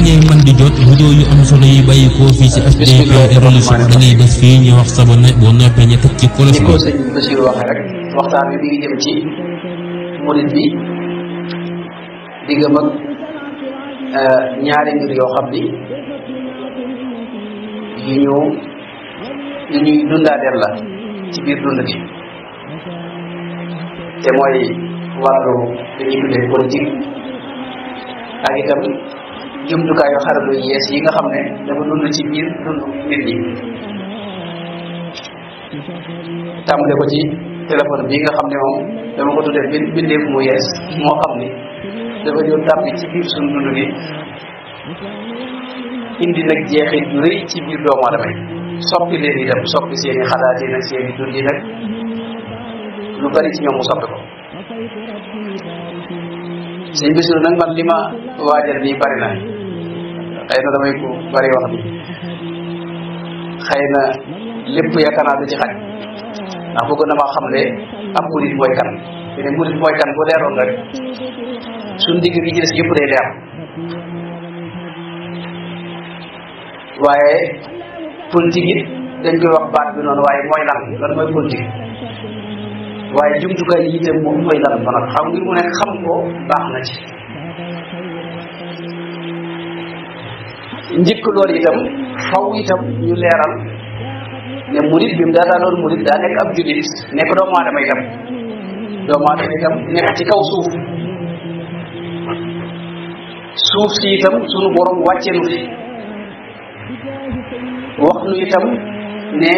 ngay mën di jot vidéo yu am solo yi bàyyi koo fii ci HDK Evolution da ngay ñu wax sabone boo noppee ñu teg ci cloche bi. sëñ Bachir waxee rek waxtaan bi ci murid bi diggam ak euh, ñaari mbir yoo xam ni yu ñu yu ñuy la ci biir dund gi te mooy wàllu li ñuy tuddee politique ak itam. jumtukaayu xarala yu yees yi nga xam ne dafa dund ci biir dund mbir yi tàmbale ko ci téléphone bii nga xam ne moom dama ko tuddee bind bindeef mu yees moo xam ni dafa ñëw tàbbi ci biir suñu dund gi indi nag jeexit lu rëy ci biir doomu aadama yi soppi leen itam soppi seen i xalaat yi nag seen i nag lu bari ci ñoom soppi ko sëñ Bisiru nag man li ma waajal nii bari na xëy na damay ko bari wax ni xëy na lépp yaakaar naa da ci xaj ndax na maa xam ne am murit mooy kan boo leeroon rek suñ digg gi ci des yëpp day leer waaye politique it dañ koy wax baat bi noonu waaye mooy lan lan mooy politique waaye jumtukaay yi itam moom koy dara ba nag xam ngir mu nekk xam ko baax na ci njëkk loolu itam faw itam ñu leeral ne murit bi mu daataa doon murit daa nekk ab julit nekk doomu aadama itam nekk ci kaw suuf suuf si itam sunu borom wàcce nu fi wax nu itam ne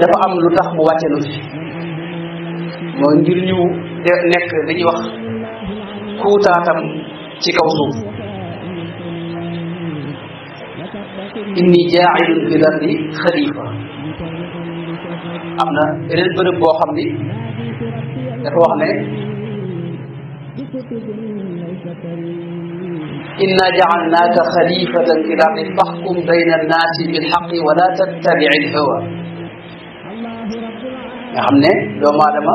dafa am lu tax mu wàcce nu fi mooy ngir ñu nekk li ñuy wax kuutaatam ci kaw suuf inni jaailun fi lardi xalifa am na beneen bërëb boo dafa wax ne إنا جعلناك خليفة في الأرض فاحكم بين الناس بالحق ولا تتبع الهوى nga xam ne doomu aadama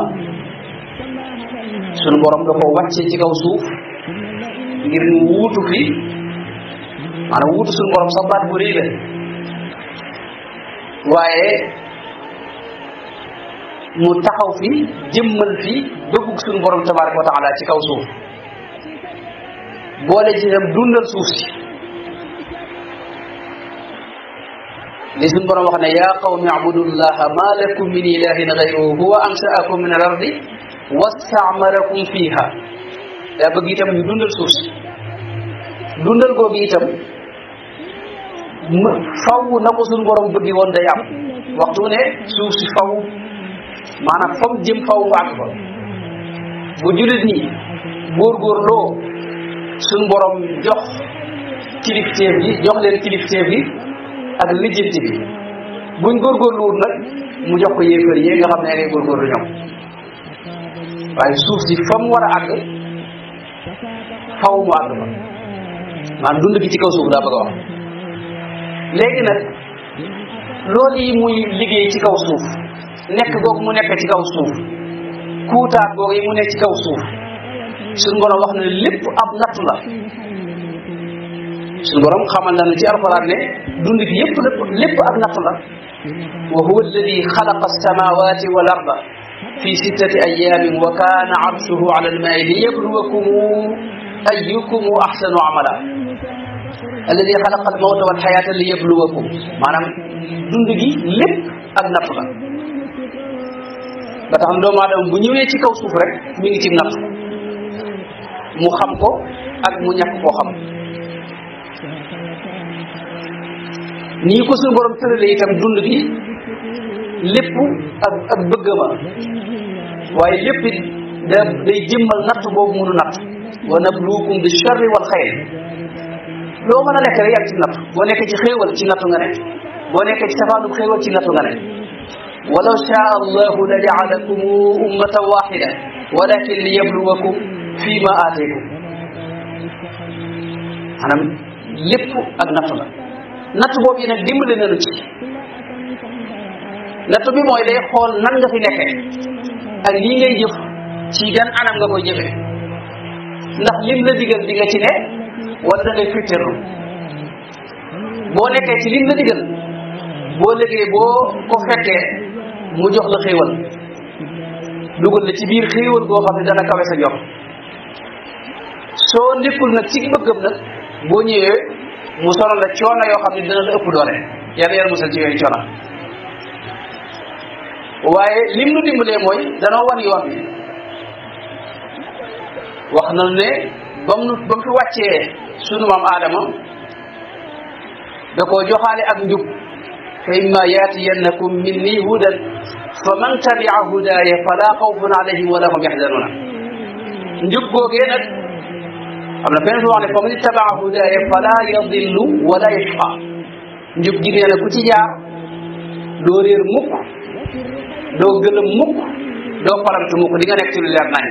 sunu borom da ko wàcce ci kaw suuf ngir mu wuutu fi maanaam wuutu sunu borom sax baat bu rëy waaye mu taxaw fi jëmmal fi bëggug sunu borom tabaraka wa taala ci kaw suuf boole ci tam dundal suuf si li suñ borom wax ne yaa qawmi abudullaha ma lakum min ilahin gayruhu huwa amsaakum min al ardi wastaamarakum fiha daa bëgg itam ñu dundal suuf si dundal googu itam faw na ko suñ borom bëggi woon day am waxtu ne suuf si faw maanaam fam jëm faw mu àgg fa bu jullit ñi góorgóorloo suñ borom jox kilifteef gi jox leen kilifteef gi ak lijjanti bi buñ góorgóorluwul nag mu jox ko yéefar yi nga xam ne ne góorgóorlu ñoom waaye suuf si fa mu war a àgg faw mu àgg fa maanaam dund gi ci kaw suuf daa bëgg a léegi nag loolu yi muy liggéey ci kaw suuf nekk googu mu nekk ci kaw suuf kuutaat googu yi mu nekk ci kaw suuf suñ borom wax ne lépp ab natt la sun borom xamal na ci alquran ne dund gi yépp lépp lépp ak natt la wa huwa alladi xalaqa alsamawati wal arda fi sittati ayamin wa kana arshuhu ala almai liyabluwakum ayyukum ahsanu amala alladi xalaqa almawta wal xayata liyabluwakum maanaam dund gi lépp ak natt la ba tax doomu aadama bu ñëwee ci kaw suuf rek mi ngi ci natt mu xam ko ak mu ñàkk koo xam ni ko suñu borom tëralee itam dund gi lépp ak ak bëggama waaye lépp it da day jëmmal natt boobu mënu natt wa nabluukum bi charri wal xayr loo mën a nekk rek yàgg ci natt boo nekkee ci xéewal ci nattu nga ne boo nekkee ci safaanub xéewal ci nattu nga ne ولو شاء الله لجعلكم أمة واحدة ولكن ليبلوكم فيما آتيكم أنا لب أجنبنا nattu boobu yi nag dimbali nañu ci natt bi mooy day xool nan nga fi nekkee ak lii ngay jëf ci gan anam nga koy jëfee ndax lim la digal di nga ci ne wala da ngay fittirlu boo nekkee ci lim la digal boo liggéey boo ko fekkee mu jox la xéewal dugal la ci biir xéewal goo xam ne dana kawe sa jox soo nekkul nag ci bëggam nag boo ñëwee mu sonal la coono yoo xam ne dina la ëpp doole yàlla yàlla musal ci yooyu coono waaye lim nu dimbalee mooy danoo wan yoon bi wax na ne bam nu ba mu fi wàccee sunu maam Aadama da koo joxaale ak njub fa imma yaatiyannakum minni hudan fa man tabia hudaaya fala xawfun alayhim wala hum yaxzanuuna njub googee nag am na benn wax ne fa man ittabaa hudaaya fala yadillu wala yashqa njub gi nee na ku ci jaar doo réer mukk doo gëlëm mukk doo farantu mukk di nekk ci lu leer nañ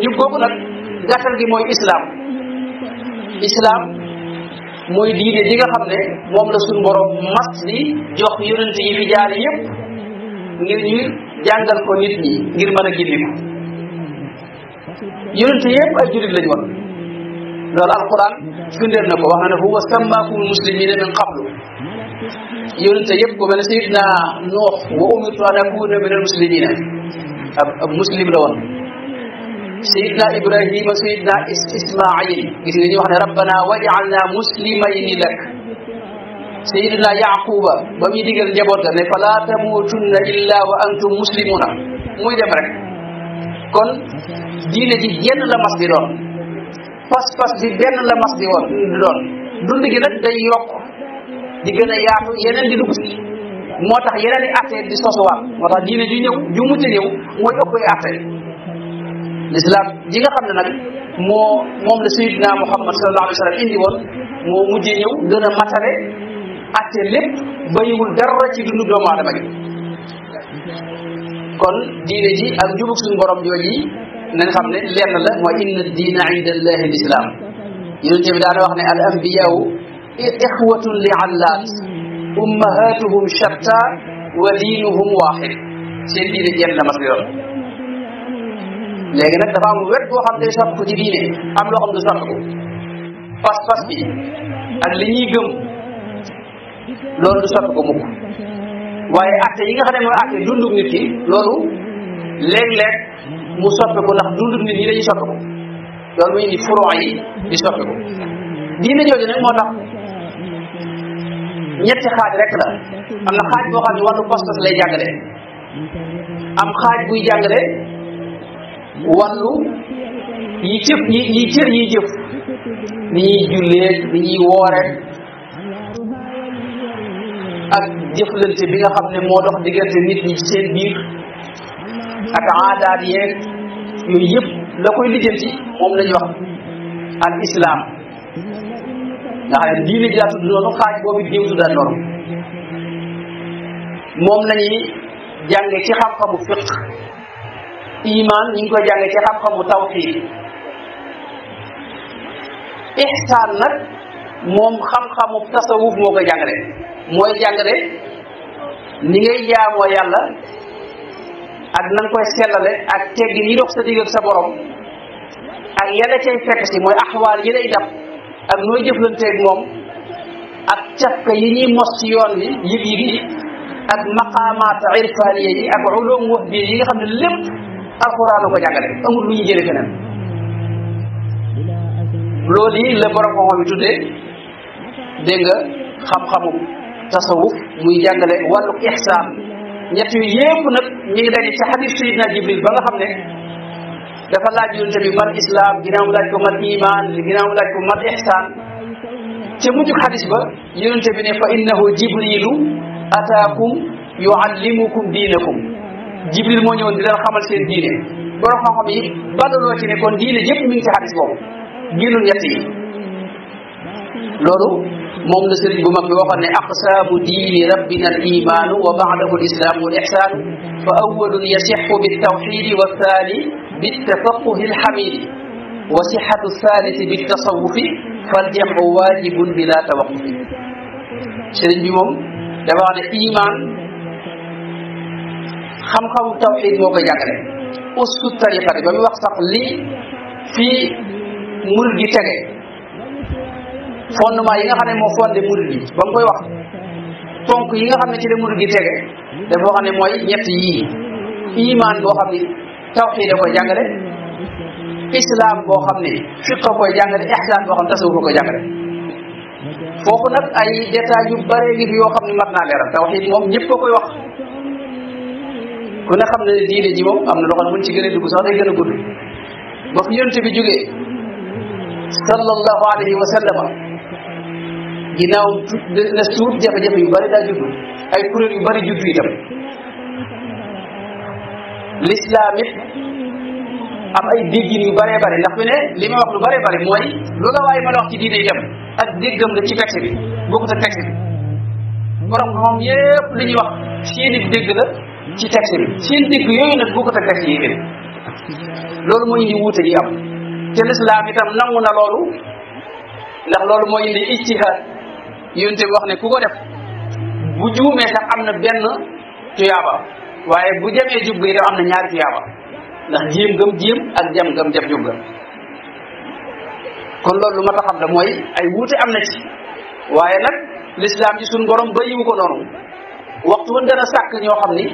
njub googu nag gàttal gi mooy islam islam mooy diine ji xam ne moom la suñu borom mas di jox yonent yi fi jaar yëpp ngir ñu jàngal ko nit ñi ngir mën a gindi ko yonent yëpp ay jurit lañ woon لأن القرآن سندر نكو وحنا هو سماكم المسلمين من قبل يونت يبقى من سيدنا نوح وأمرت أن أكون من المسلمين المسلم لون سيدنا إبراهيم وسيدنا إسماعيل يسيدنا وحنا ربنا وجعلنا مسلمين لك سيدنا يعقوب ومي ديگر جبوت نه فلا تموتن الا وانتم مسلمون موي دم رك كون دين دي ين لا مس دي دون pas-pas bi benn la mas di woon di gi nag day yokk di gën a yaatu yeneen di dugg si moo tax yeneen i atte di sosuwaat moo tax diine ju ñëw ju mucc ñëw nga xam ne nag moo moom la sayyidina Muhammad sallallahu alayhi moo mujjee ñëw gën a matale atte lépp bayiwul dara ci dundu doomu aadama gi kon diine ji ak jubug suñu borom jooji nañ xam ne lenn la mooy inna diina inda allahi l islam yonente bi daana wax ne al ambiyaw ixwatun li allaat ummahatuhum shatta wa diinuhum waaxid seen diine jenn la mas yoon léegi nag dafa am wet boo xam ne sopp ko ci diine am loo xam du sopp ko pas-pas bi ak li ñuy gëm loolu du sopp ko mukk waaye acte yi nga xam ne mooy acte dundug nit ki loolu léeg-léeg mu soppe ko ndax dundu nit ñi dañuy soppe ko loolu muy indi furoo yi di soppe ko diine jooju nag moo tax ñetti xaaj rek la am na xaaj boo xam ne wàllu pas-pas lay jàngale am xaaj buy jàngale wàllu yi jëf yi yi cër yi jëf ni ñuy jullee ni ñuy woore ak jëflante bi nga xam ne moo dox diggante nit ñi seen biir ak aadaat yeeg yooyu yëpp la koy lijjanti moom la ñuy wax al islam nga xam ne diine ji daa tudd noonu xaaj boobu di ñëw tuddaat noonu moom la ñuy ci xam-xamu fiq iman ñu ngi koy jànge ci xam-xamu tawxiid ihsaan nag moom xam-xamu tasawuf moo koy jàngale mooy jàngale ni ngay jaamoo yàlla ak nan koy sellale ak teggin yi dox sa digg sa borom ak yàlla cay fekk si mooy axwaal yi lay dab ak nooy jëflanteeg moom ak cafka yi ñuy mos ci yoon yëg-yëg yi ak maqaamaat irfaaniya yi ak yi nga xam ne lépp alxuraan la ko jàngale amul lu ñu jëlee feneen loolu yi la borom xam-xam yi tuddee dégg nga xam-xamu tasawuf muy jàngale wàllu ixsaan ñett yu yépp nag ñu ngi daje ci xadis sayidna jibril ba nga xam ne dafa laaj yonent bi man ji ginnaaw mu laaj ko man iman ginnaaw mu laaj ko man ihsan ca mujj xadis ba yonent bi ne fa innahu jibrilu ataakum yuallimukum diinakum jibril moo ñëwoon di leen xamal seen diine borom xam-xam yi bandaloo ci ne kon diine yëpp mi ngi ci xadis boobu génnul ñett yi loolu moom la sëriñ bu mag bi waxoon ne aqsaamu diini rabbina al imaanu wa baadahu al islaamu wal ixsaanu fa awwalun yasixu biltawxidi wa thaani biltafaquhi alxamidi wa sixatu thalisi biltasawufi faljamcu waajibun bila tawaqufi sëriñ bi moom dafa wax ne imaan xam-xamu tawxid moo ko jàngale ustu tariqa ba muy wax sax li fii mur gi tege fondement yi nga xam ne moo fondé murid yi ba mu koy wax ponk yi nga xam ne ci la murid gi tege boo wax ne mooy ñett yii iman boo xam ne tawxiid da koy jàngale islam boo xam ne fiq a koy jàngale ihsan boo xam ne tasawuf a koy jàngale foofu nag ay détails yu bare yoo xam ne mat naa leeral tawxiid moom ñëpp a koy wax ku ne xam ne diine ji moom am na loo xam ci gën a dugg sax day gën a gudd ba fi yonent bi jógee sallallahu alayhi wa ginnaaw na suut jafe-jafe yu bari daa judd ay kuréel yu bari judd itam l'islam it am ay déggin yu bëree bari ndax fi ne li ma wax lu bëree bëri mooy lu la waaye mën a wax ci diine itam ak déggam la ci texte bi boo ko texte bi borom moom yépp li ñuy wax dégg la ci texte bi seen dégg yooyu nag bokkut ak texte yi loolu moo indi wuute am te l'islam itam nangu na loolu ndax loolu moo indi ijtihaad yonte bi wax ne ku ko def bu juumee sax am na benn tuyaaba waaye bu jamee jub ga am na ñaari tuyaaba ndax jéem gëm jéem ak jam gëm jam jub kon loolu ma ta xam la mooy ay wuute am na ci waaye nag l'islam ci suñ borom bayiwu ko noonu waxtu woon dana sàkk ñoo xam ni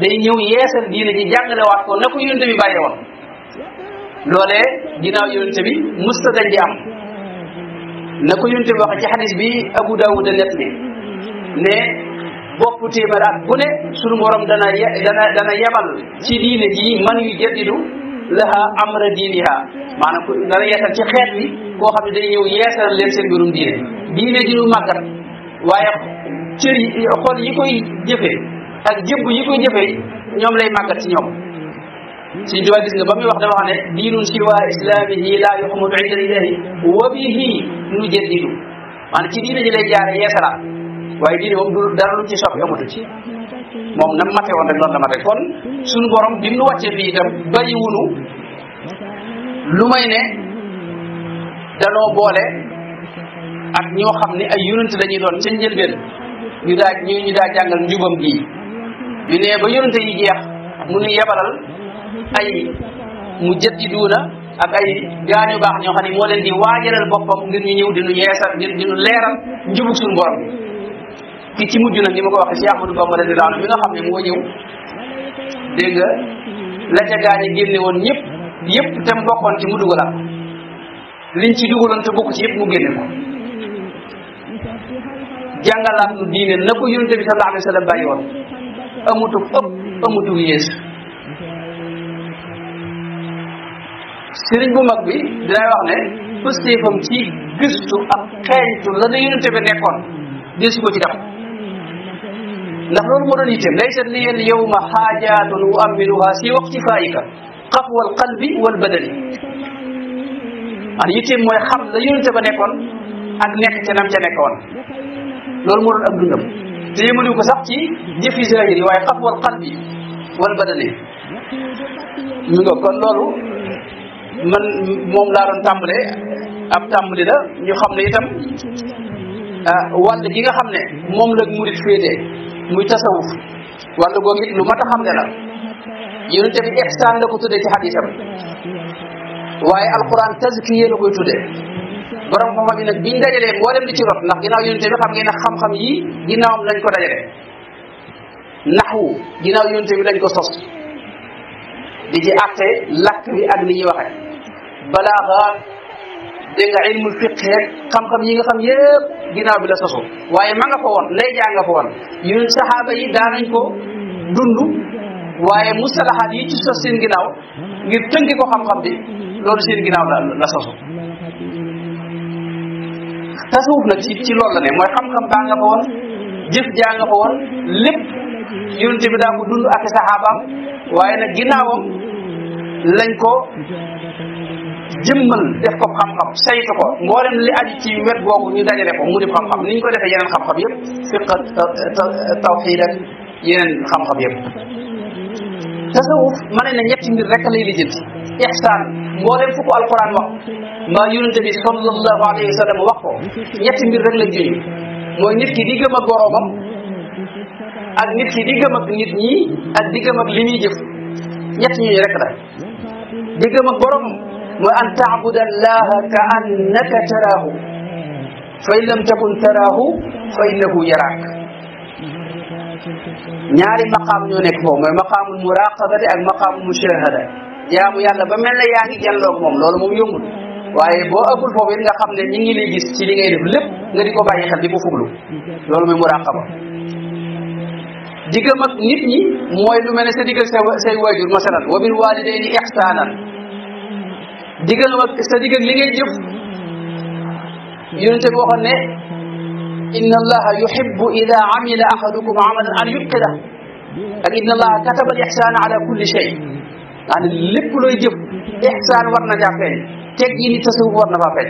day ñëw yeesal diine ji jàngale waat ko na ko yonte bi bàyyi woon loolee ginnaaw yonte bi musta dañ di am na ko yonent bi waxee ci xadis bi Abu Daawuda net ne ne bopp téeméer at bu ne sunu borom dana dana dana yebal ci diine ji man yu jaddidu laha amra diiniha maanaam dana yeesal ci xeet bi koo xam ne day ñëw yeesal leen seen mbirum diine diine ji lu màggat waaye cër yi xol koy jëfee ak jëbb yi koy jëfe ñoom lay màggat ci ñoom Sëñ Tuubaa gis nga ba muy wax dafa wax ne diinun siwa islaamihi laa yuxmadu inda ilahi wa bihi nujaddidu maanaam ci diine ji lay jaare yeesalaat waaye diine moom du dara lu ci soppi amatu ci moom na mate woon rek noonu la mate kon suñu borom bi mu wàccee bii itam bari wunu lu may ne danoo boole ak ñoo xam ni ay yonent dañuy doon seen njëlbeen ñu daa ñu ñu daa jàngal njubam gii ñu ne ba yonent yi jeex mu nu yebalal ay mujaddiduuna ak ay gaañu baax ñoo xam ne moo leen di waajalal boppam ngir ñu ñëw di nu yeesal di di nu leeral njubug suñu borom ki ci mujj nag ni ma ko wax si Ahmadou Bamba radiyallahu anhu mi nga xam ne moo ñëw dégg nga la ca gaañu génne woon ñëpp yëpp te mu bokkoon ci mu dugalaat liñ ci dugaloon te bokku ci yëpp mu génne ko jàngalaat nu diine na ko yonente bi sallallahu alayhi wa sallam bàyyi woon amutu ëpp amutu yées sëriñ bu mag bi dinay wax ne pëstéefam ci gëstu ak xeeñtu la na yonente bi nekkoon deesu ko ci def ndax loolu moo doon yitteem laysa li al yawma xaajaatun uammiluha si waqti faayika xafwa al qalbi wal badani an yitteem mooy xam la yonente nekkoon ak nekk ca nam ca nekkoon loolu moo doon ak dundam te yëmaliwu ko sax ci jëfi zahir yi waaye xafwa al qalbi wal badani mi nga kon loolu man moom laa doon tàmbalee ab tàmbali la ñu xam ne itam wàll gi nga xam ne moom la murit féete muy tasawuf wàll googu it lu mat a xam ne la yonente bi extant la ko tuddee ci xadisam waaye alquran tazkiya la koy tuddee borom xam-xam yi nag biñ dajalee mboolem di ci rot ndax ginnaaw yonente bi xam ngeen ne xam-xam yi ginnaawam lañ ko dajalee naxwu ginnaaw yonente bi lañ ko sos di ci àtte làkk bi ak li ñuy waxee balaaxa dégg nga ilmul fiq xam yi nga xam yëpp ginnaaw bi la soso waaye ma nga fa woon lay jaa nga fa woon ñun saxaaba yi ko dund waaye mustalahaat yi ci sos seen ginnaaw ngir tënki ko xam-xam bi loolu seen ginnaaw la la soso tasawuf nag ci ci loolu la ne mooy xam-xam baa nga fa woon jëf jaa bi daa ko dund ak saxaabaam waaye nag ginnaawam lañ ko jëmmal def ko xam-xam saytu ko mboolem li aji ci wet googu ñu dajale ko mu di xam-xam ni ñu ko defee yeneen xam-xam yëpp fiqa tawxid ak yeneen xam-xam yëpp tasawuf ma ne na ñetti mbir rek lay lijjanti ihsan mboolem fu ko alquran wax ma yonente bi sallallahu alayhi wa sallam wax ko ñetti mbir rek la juñu mooy nit ki di gëm ak boroomam ak nit ki di gëm ak nit ñi ak di gëm ak li muy jëf ñett ñooñu rek la di gëm ak boroomam وأن تعبد الله كأنك تراه فإن لم تكن تراه فإنه يراك نعم مقام يونيك هو مقام المراقبة أو مقام المشاهدة يا مو يلا بمن يعني جل الله مم لول مم يوم واي بو أقول فوين لا خم نيني لي جس تلين عيد بلب نري كوبا يخل دي بفوغلو لول مم مراقبة ديجا مك نيت ني مو يلو من سديك سوا مثلا وبين والدين إحسانا digal wa sa digal li ngay jëf yonente bi waxoon ne inna allaha yuhibbu ida amila ahadukum amalan an yutqida ak inna allaha kataba al ihsana ala kulli shay maanaam lépp looy jëf ihsaan war na caa feeñ teg yi ni tasawuf war na faa feeñ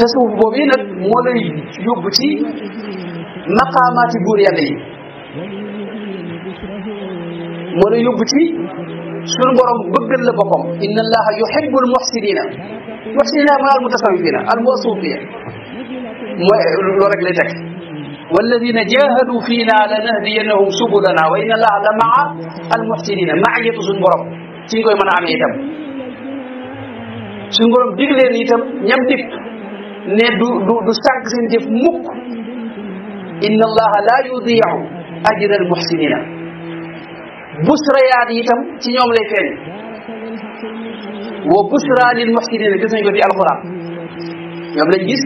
tasawuf boobu yi nag moo lay yóbbu ci maqaamaati buur yàlla yi moo lay yóbbu ci شنو بروم بغل لا بوكم ان الله يحب المحسنين محسنين من المتصوفين الموصوفين والذين جاهدوا فينا لنهدينهم سبلنا وان الله لمع المحسنين معيه سن بروم تي من امي تام سن بروم ديغ لين يتام نيام ديك ني دو دو سانك سين ديف موك ان الله لا يضيع اجر المحسنين busrayaat yi itam ci ñoom lay feeñ wa busra lil muhsinina gis ko ñoom lañ gis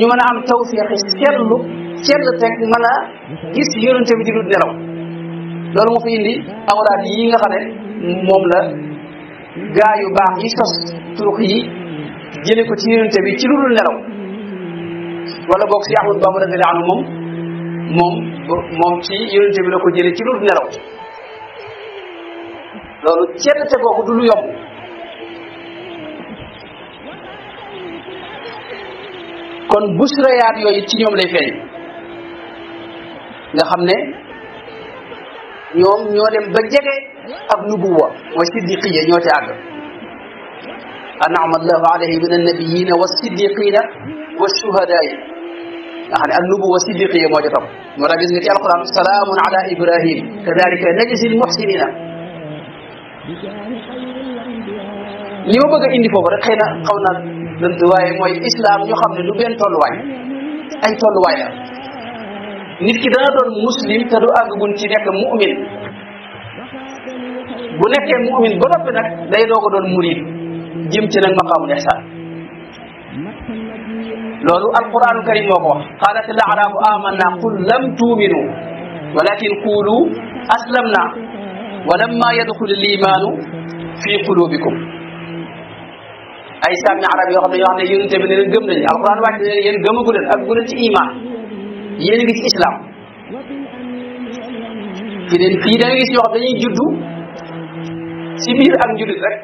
ñu mën a am tawfiq seetlu seetlu teg man a gis yonente bi di dul nelaw loolu moo fi indi awraat yi nga xam ne moom la gaa yu baax yi sos turux yi jële ko ci yonente bi ci lu dul nelaw wala boog si Ahmadu Bamba radiyallahu anhu moom moom moom ci yonente bi la ko jële ci lu dul nelaw loolu cennte googu du lu yomb kon busrayaat yooyu ci ñoom lay feeñ nga xam ne ñoom ñoo dem ba jege ak nubuwa mooy siddiqiya ñoo ci àgg anama allahu alayhi min annabiyina wa siddiqina wa shuhadaai nga xam ne ak nubuwa siddiqiya moo ci topp moo tax gis nga ci alquran salaamun ala ibrahim kadalika najzi almuhsinina li ma bëgg a indi foofu rek xëy na xaw na lënt islam ñu xam ne du benn tolluwaay ay tolluwaay la nit ki dana doon muslim te du àggagun bu nekkee mu'min ba noppi nag day doog doon murid jëm ci nag maqaamul ihsaan loolu alquranu karim moo ko wax qaalat al a'raabu amanna qul lam tuuminu walakin qulu aslamna ولما يدخل الإيمان في قلوبكم أي سامي عربي يقول يا أخي يوم تبني الجملة القرآن واحد يقول يوم جملة قلنا أقول الإيمان يلبي الإسلام كده في ده يجي يقول يعني جدو سيبير أن جدو رك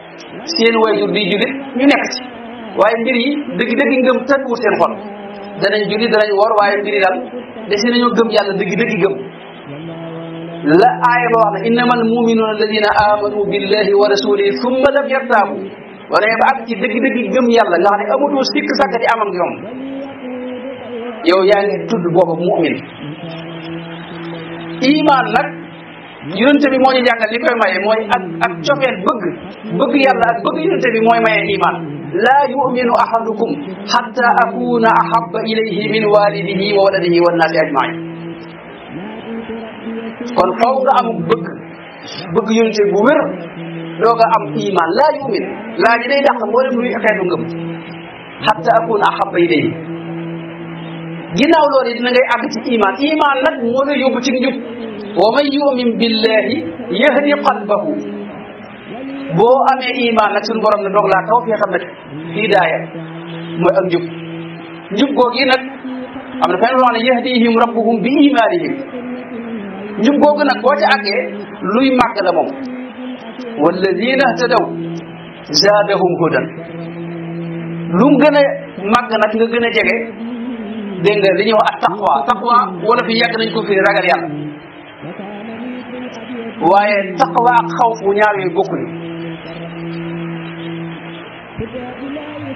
سين وين جدو جدو ينكت وين جري دقيقة دقيقة جم تدور سين خال دهن جدو دهن وار وين جري دام دهن يوم جم يلا دقيقة دقيقة لا أعظم آية إنما المؤمنون الذين آمنوا بالله ورسوله ثم لم يرتابوا ولا يبعث دق دق جم يلا لا أبو توسك سكت أمام يوم يو يعني تد بوب مؤمن إيمان لك يونت بي موي جانا لي كاي ماي موي اك اك تشوفين بوغ بوغ يالا بوغ يونت بي موي ماي ايمان لا يؤمن احدكم حتى اكون احب اليه من والده وولده والناس اجمعين kon faw nga am bëgg bëgg yonent bu wér doo nga am iman laa yumin laa ji day dàq mboolem luy xeetu ngëm xatta akun axabba ilayhi ginnaaw loolu dina ngay àgg ci iman iman nag moo lay yóbbu ci njub wa man yumin billahi yahdi qalbahu boo amee iman nag suñu borom ne doog laa taw fee xam ne hidaaya mooy ak njub njub googu nag am na fenn loo xam ne yahdihim rabbuhum bi imanihim ñu googu nag boo ci àggee luy màgg la moom walladina htadaw zaadahum hudan lu mu gën a màgg nag nga gën a jege dégg nga li ñuy wax ak taqwa taqwa wala fi yàgg nañ ko fi ragal yàlla waaye taqwa ak xawf bu ñaar yooyu bokkuñu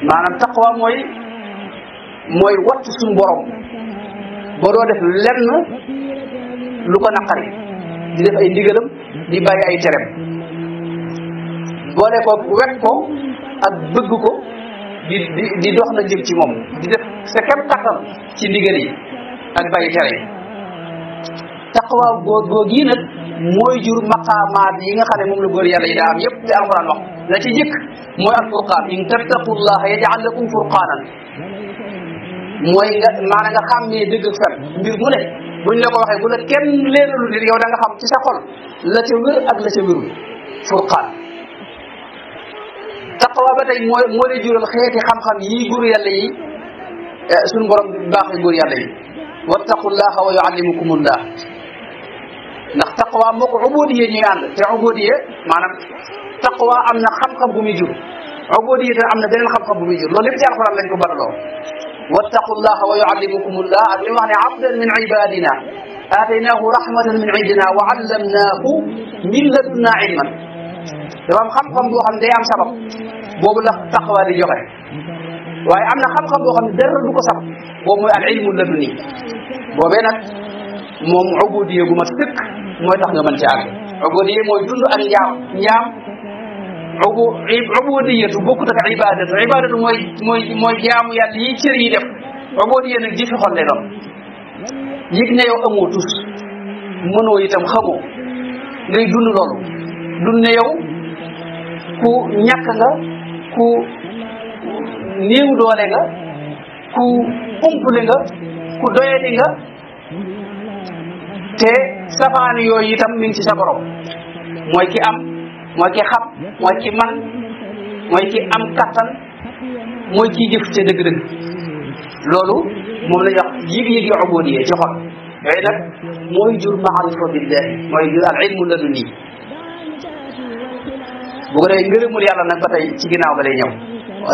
maanaam taqwa mooy mooy wattu suñu borom ba doo def lenn lu ko naqari di def ay ndigalam di bàyyi ay terem boole ko wekk ko ak bëgg ko di di di dox la jëm ci moom di def sa kem kattan ci ndigal yi ak bàyyi tere yi taqwaa góor góor gii nag mooy jur maqaamaat yi nga xam ne moom la góor yàlla yi daa am yëpp di alquran wax la ci njëkk mooy alfurqaan in tattaqullaha yaj'al lakum furqaanan mooy nga maanaam nga xàmmee dëgg ak fen mbir mu ne buñ la ko waxee bu la kenn leeralul nit yow da nga xam ci sa xol la ca wér ak la ca wérul furqaan taqwa ba tey moo moo lay jural xeeti xam-xam yii góor yàlla yi eh, suñ borom baaxee góor yàlla yi wattaqullaha wa yuallimukumullah ndax taqwa moo ko ubodiye ñuy ànd te ubodiye maanaam taqwa am na xam-xam bu muy jur ubodiye te am na beneen xam-xam bu muy jur loolu lépp ci alxuraan lañ ko baraloo واتقوا الله ويعلمكم الله بمعنى عبدا من عبادنا آتيناه رحمة من عندنا وعلمناه من لدنا علما إمام خم خم بوخم ديام سبب بوب الله تقوى دي وهي أمنا خم خم بوخم در بوخم سبب بوب العلم اللبني وبينك مم عبودية بمسك مويتخ نمان شعر عبودية مويتون أن يام يام ubudiyatu bokkut ak ibadatu ibadatu mooy mooy mooy jaamu yàlla yi cër yi def ubudiya nag jëfi xol lay doon yëg ne yow amoo tus mënoo itam xamoo ngay dund loolu dund ne yow ku ñàkk nga ku néew doole nga ku umpule nga ku doyadi nga te safaan yooyu itam mi ngi ci sa borom mooy ki am mooy ki xam mooy ki man mooy ki am kattan mooy kiy jëf ca dëgg-dëgg loolu moom la ñuy wax yëg-yëg yu ubudiyya ci xol yooyu nag mooy jur maarifa billahi mooy jur al ilmu ladunni bu ko defee ngërëmul yàlla nag ba tey ci ginnaaw ba lay ñëw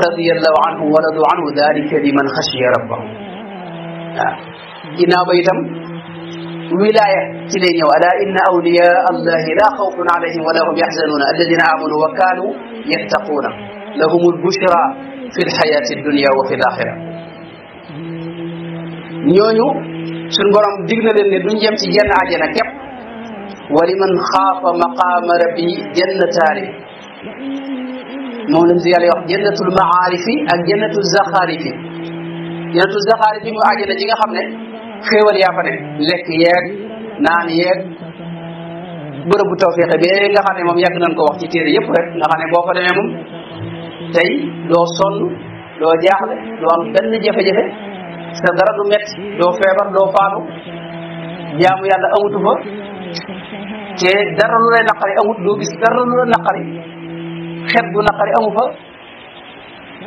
radiyallahu anhu wa radu anhu dalika liman xashiya rabbahu waaw ginnaaw ba itam ولاية تلين ولا إن أولياء الله لا خوف عليهم ولا هم يحزنون الذين آمنوا وكانوا يتقون لهم البشرى في الحياة الدنيا وفي الآخرة نيونيو سن بروم ديغنا لن ني دون جيم سي جن كيب ولمن خاف مقام ربي جنتان مولانا زي الله جنة المعارف ak جنة الزخارف جنة الزخارف مو aljana ji nga xéewal yaa fa ne lekk yeeg naan yeeg bërëbu tawfiqe bee nga xam moom yàgg nañ ko wax ci téere yëpp rek nga xam boo fa demee moom tey doo sonn doo jaaxle doo am benn jafe-jafe sa dara du metti doo feebar doo faatu jaamu yàlla amutu fa te dara lu lay naqari amut doo gis dara lu lay naqari xet bu naqari amu fa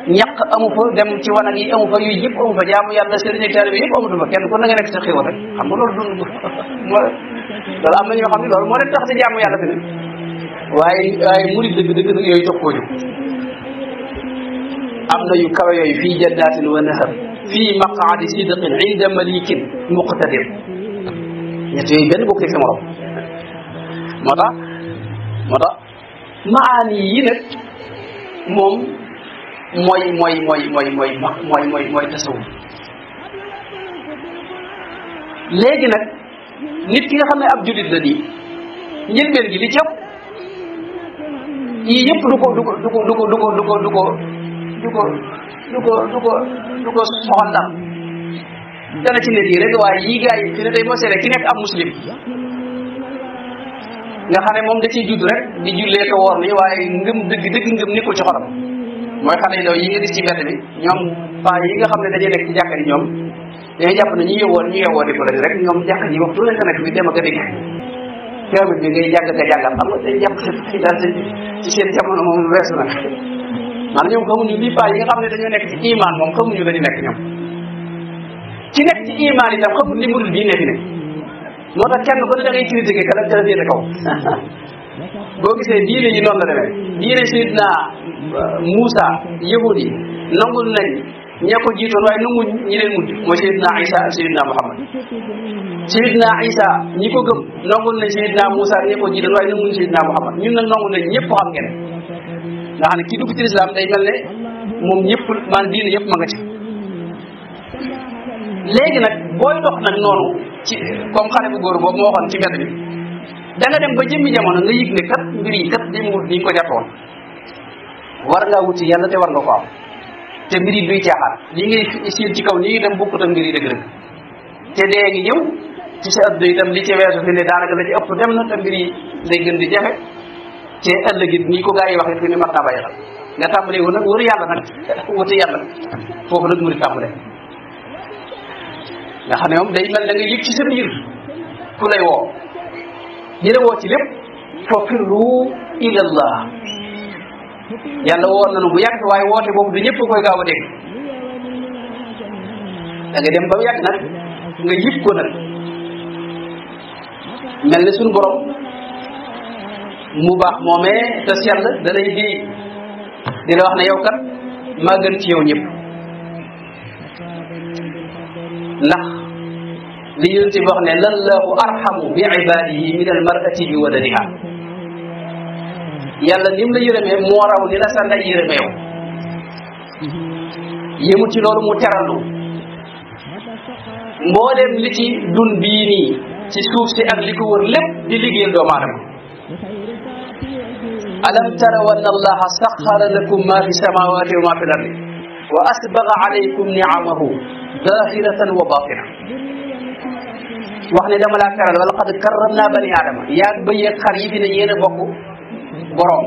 ñaq amu fa dem ci wanag yi amu fa yooyu yëpp amu fa jaamu yàlla sëriñ ak taalibe yëpp amu fa kenn ku na nga nekk sa xéwal rek xam nga loolu dund loolu am na ñoo xam ne loolu moo leen tax di jaamu yàlla fi ne waaye waaye murid dëgg dëgg nag yooyu toppoo ñu am na yu kawe yooyu fii jannatin wa nahar fii maqaadi sidqin inda malikin muqtadir ñett yooyu benn bokk sa morom moo tax moo tax maani yi nag moom mooy mooy mooy mooy mooy mooy mooy mooy tasawuf léegi nag nit ki nga xam ne ab jullit la nii njëlbeen gi li ci ëpp yii yëpp du ko du ko du ko du ko du ko du ko du ko du dana ci ne nii rek waaye yii gars yi fi ne tey moo ki nekk ab muslim nga xam ne moom da ciy judd rek di jullee ko woor nii waaye ngëm dëgg dëgg ngëm nekkul ci xolam mooy xale yi yi nga gis ci mbedd bi ñoom paa yi nga xam ne dañuy nekk ci jàkka yi ñoom dañuy jàpp ne ñu yewoon ñu yewoo di ko rek ñoom jàkka yi waxtu nekk nag bi dem ak a dikk permis bi ngay jàng nga jàngal xam nga dañ jàpp ci daal ci seen jamono moom weesu na maanaam ñoom xamuñu lii paa yi nga xam ne dañoo nekk ci iman moom xamuñu la ñu nekk ñoom ci nekk ci iman itam xamul li murul bii ne moo tax kenn ko da ngay critiqué ka la kaw boo gisee diine ji noonu la demee diine sayidna euh, Muusa yahud yi nangul nañ ña ko jiitoon waaye nangu ñi leen mujj mooy sayidna Isa ak sayidna Muhammad sayidna Isa ñi ko gëm nangul nañ sayidna Muusa ak ña ko jiitoon waaye nanguñ sayidna Muhammad ñun nag nangul nañ ñëpp xam ngeen nga xam ne kii dugg ci lislaam day mel ne moom ñëpp maanaam diine yëpp ma nga ci léegi nag booy dox nag noonu ci comme xale bu góor boobu moo waxoon ci mbedd bi da nga dem ba jëmmi jamono nga yëg ne kat mbir yi kat li mu ni ñu ko jàppoon war ngaa wuti yàlla te war nga ko am te mbir yi duy caaxaan li ngay siin ci kaw nii dem bukkut ak mbir yi dëgg-dëgg te dee ngi li ci weesu fi ne la ci dem na te mbir yi day gën di jafe te ëllëg it nii ko gaa yi waxee fi ne mat naa bàyyi xel nga tàmbalee wu nag wër yàlla nag wuti yàlla foofu nag muri tàmbalee nga xam ne moom day mel da nga yëg ci sa biir ku lay woo ñi la woo ci lépp fa firru ilallah yàlla woon nañu bu yàgg waaye woote boobu du ñëpp koy gaaw a dégg da dem ba mu yàgg nag nga yëg ko nag mel ne suñu borom mu baax moomee te sell danay di di wax ne yow kat maa gën ci yow ñëpp ndax ليونت بخنا الله أرحم بعباده من المرأة بولدها يلا نملا يرمي مورا ونلا سنة يرميه يموتي لور مترلو مولم لتي دون بيني تسكوك سي أغلقه ورلب دلقي الدومارم ألم تروا أن الله سخر لكم ما في السماوات وما في الأرض وأسبغ عليكم نعمه ظاهرة وباطنة wax ne dama laa feral wala xad karram naa bani aadama yaa bëyeeg xar yi fi ne yéen a bokk borom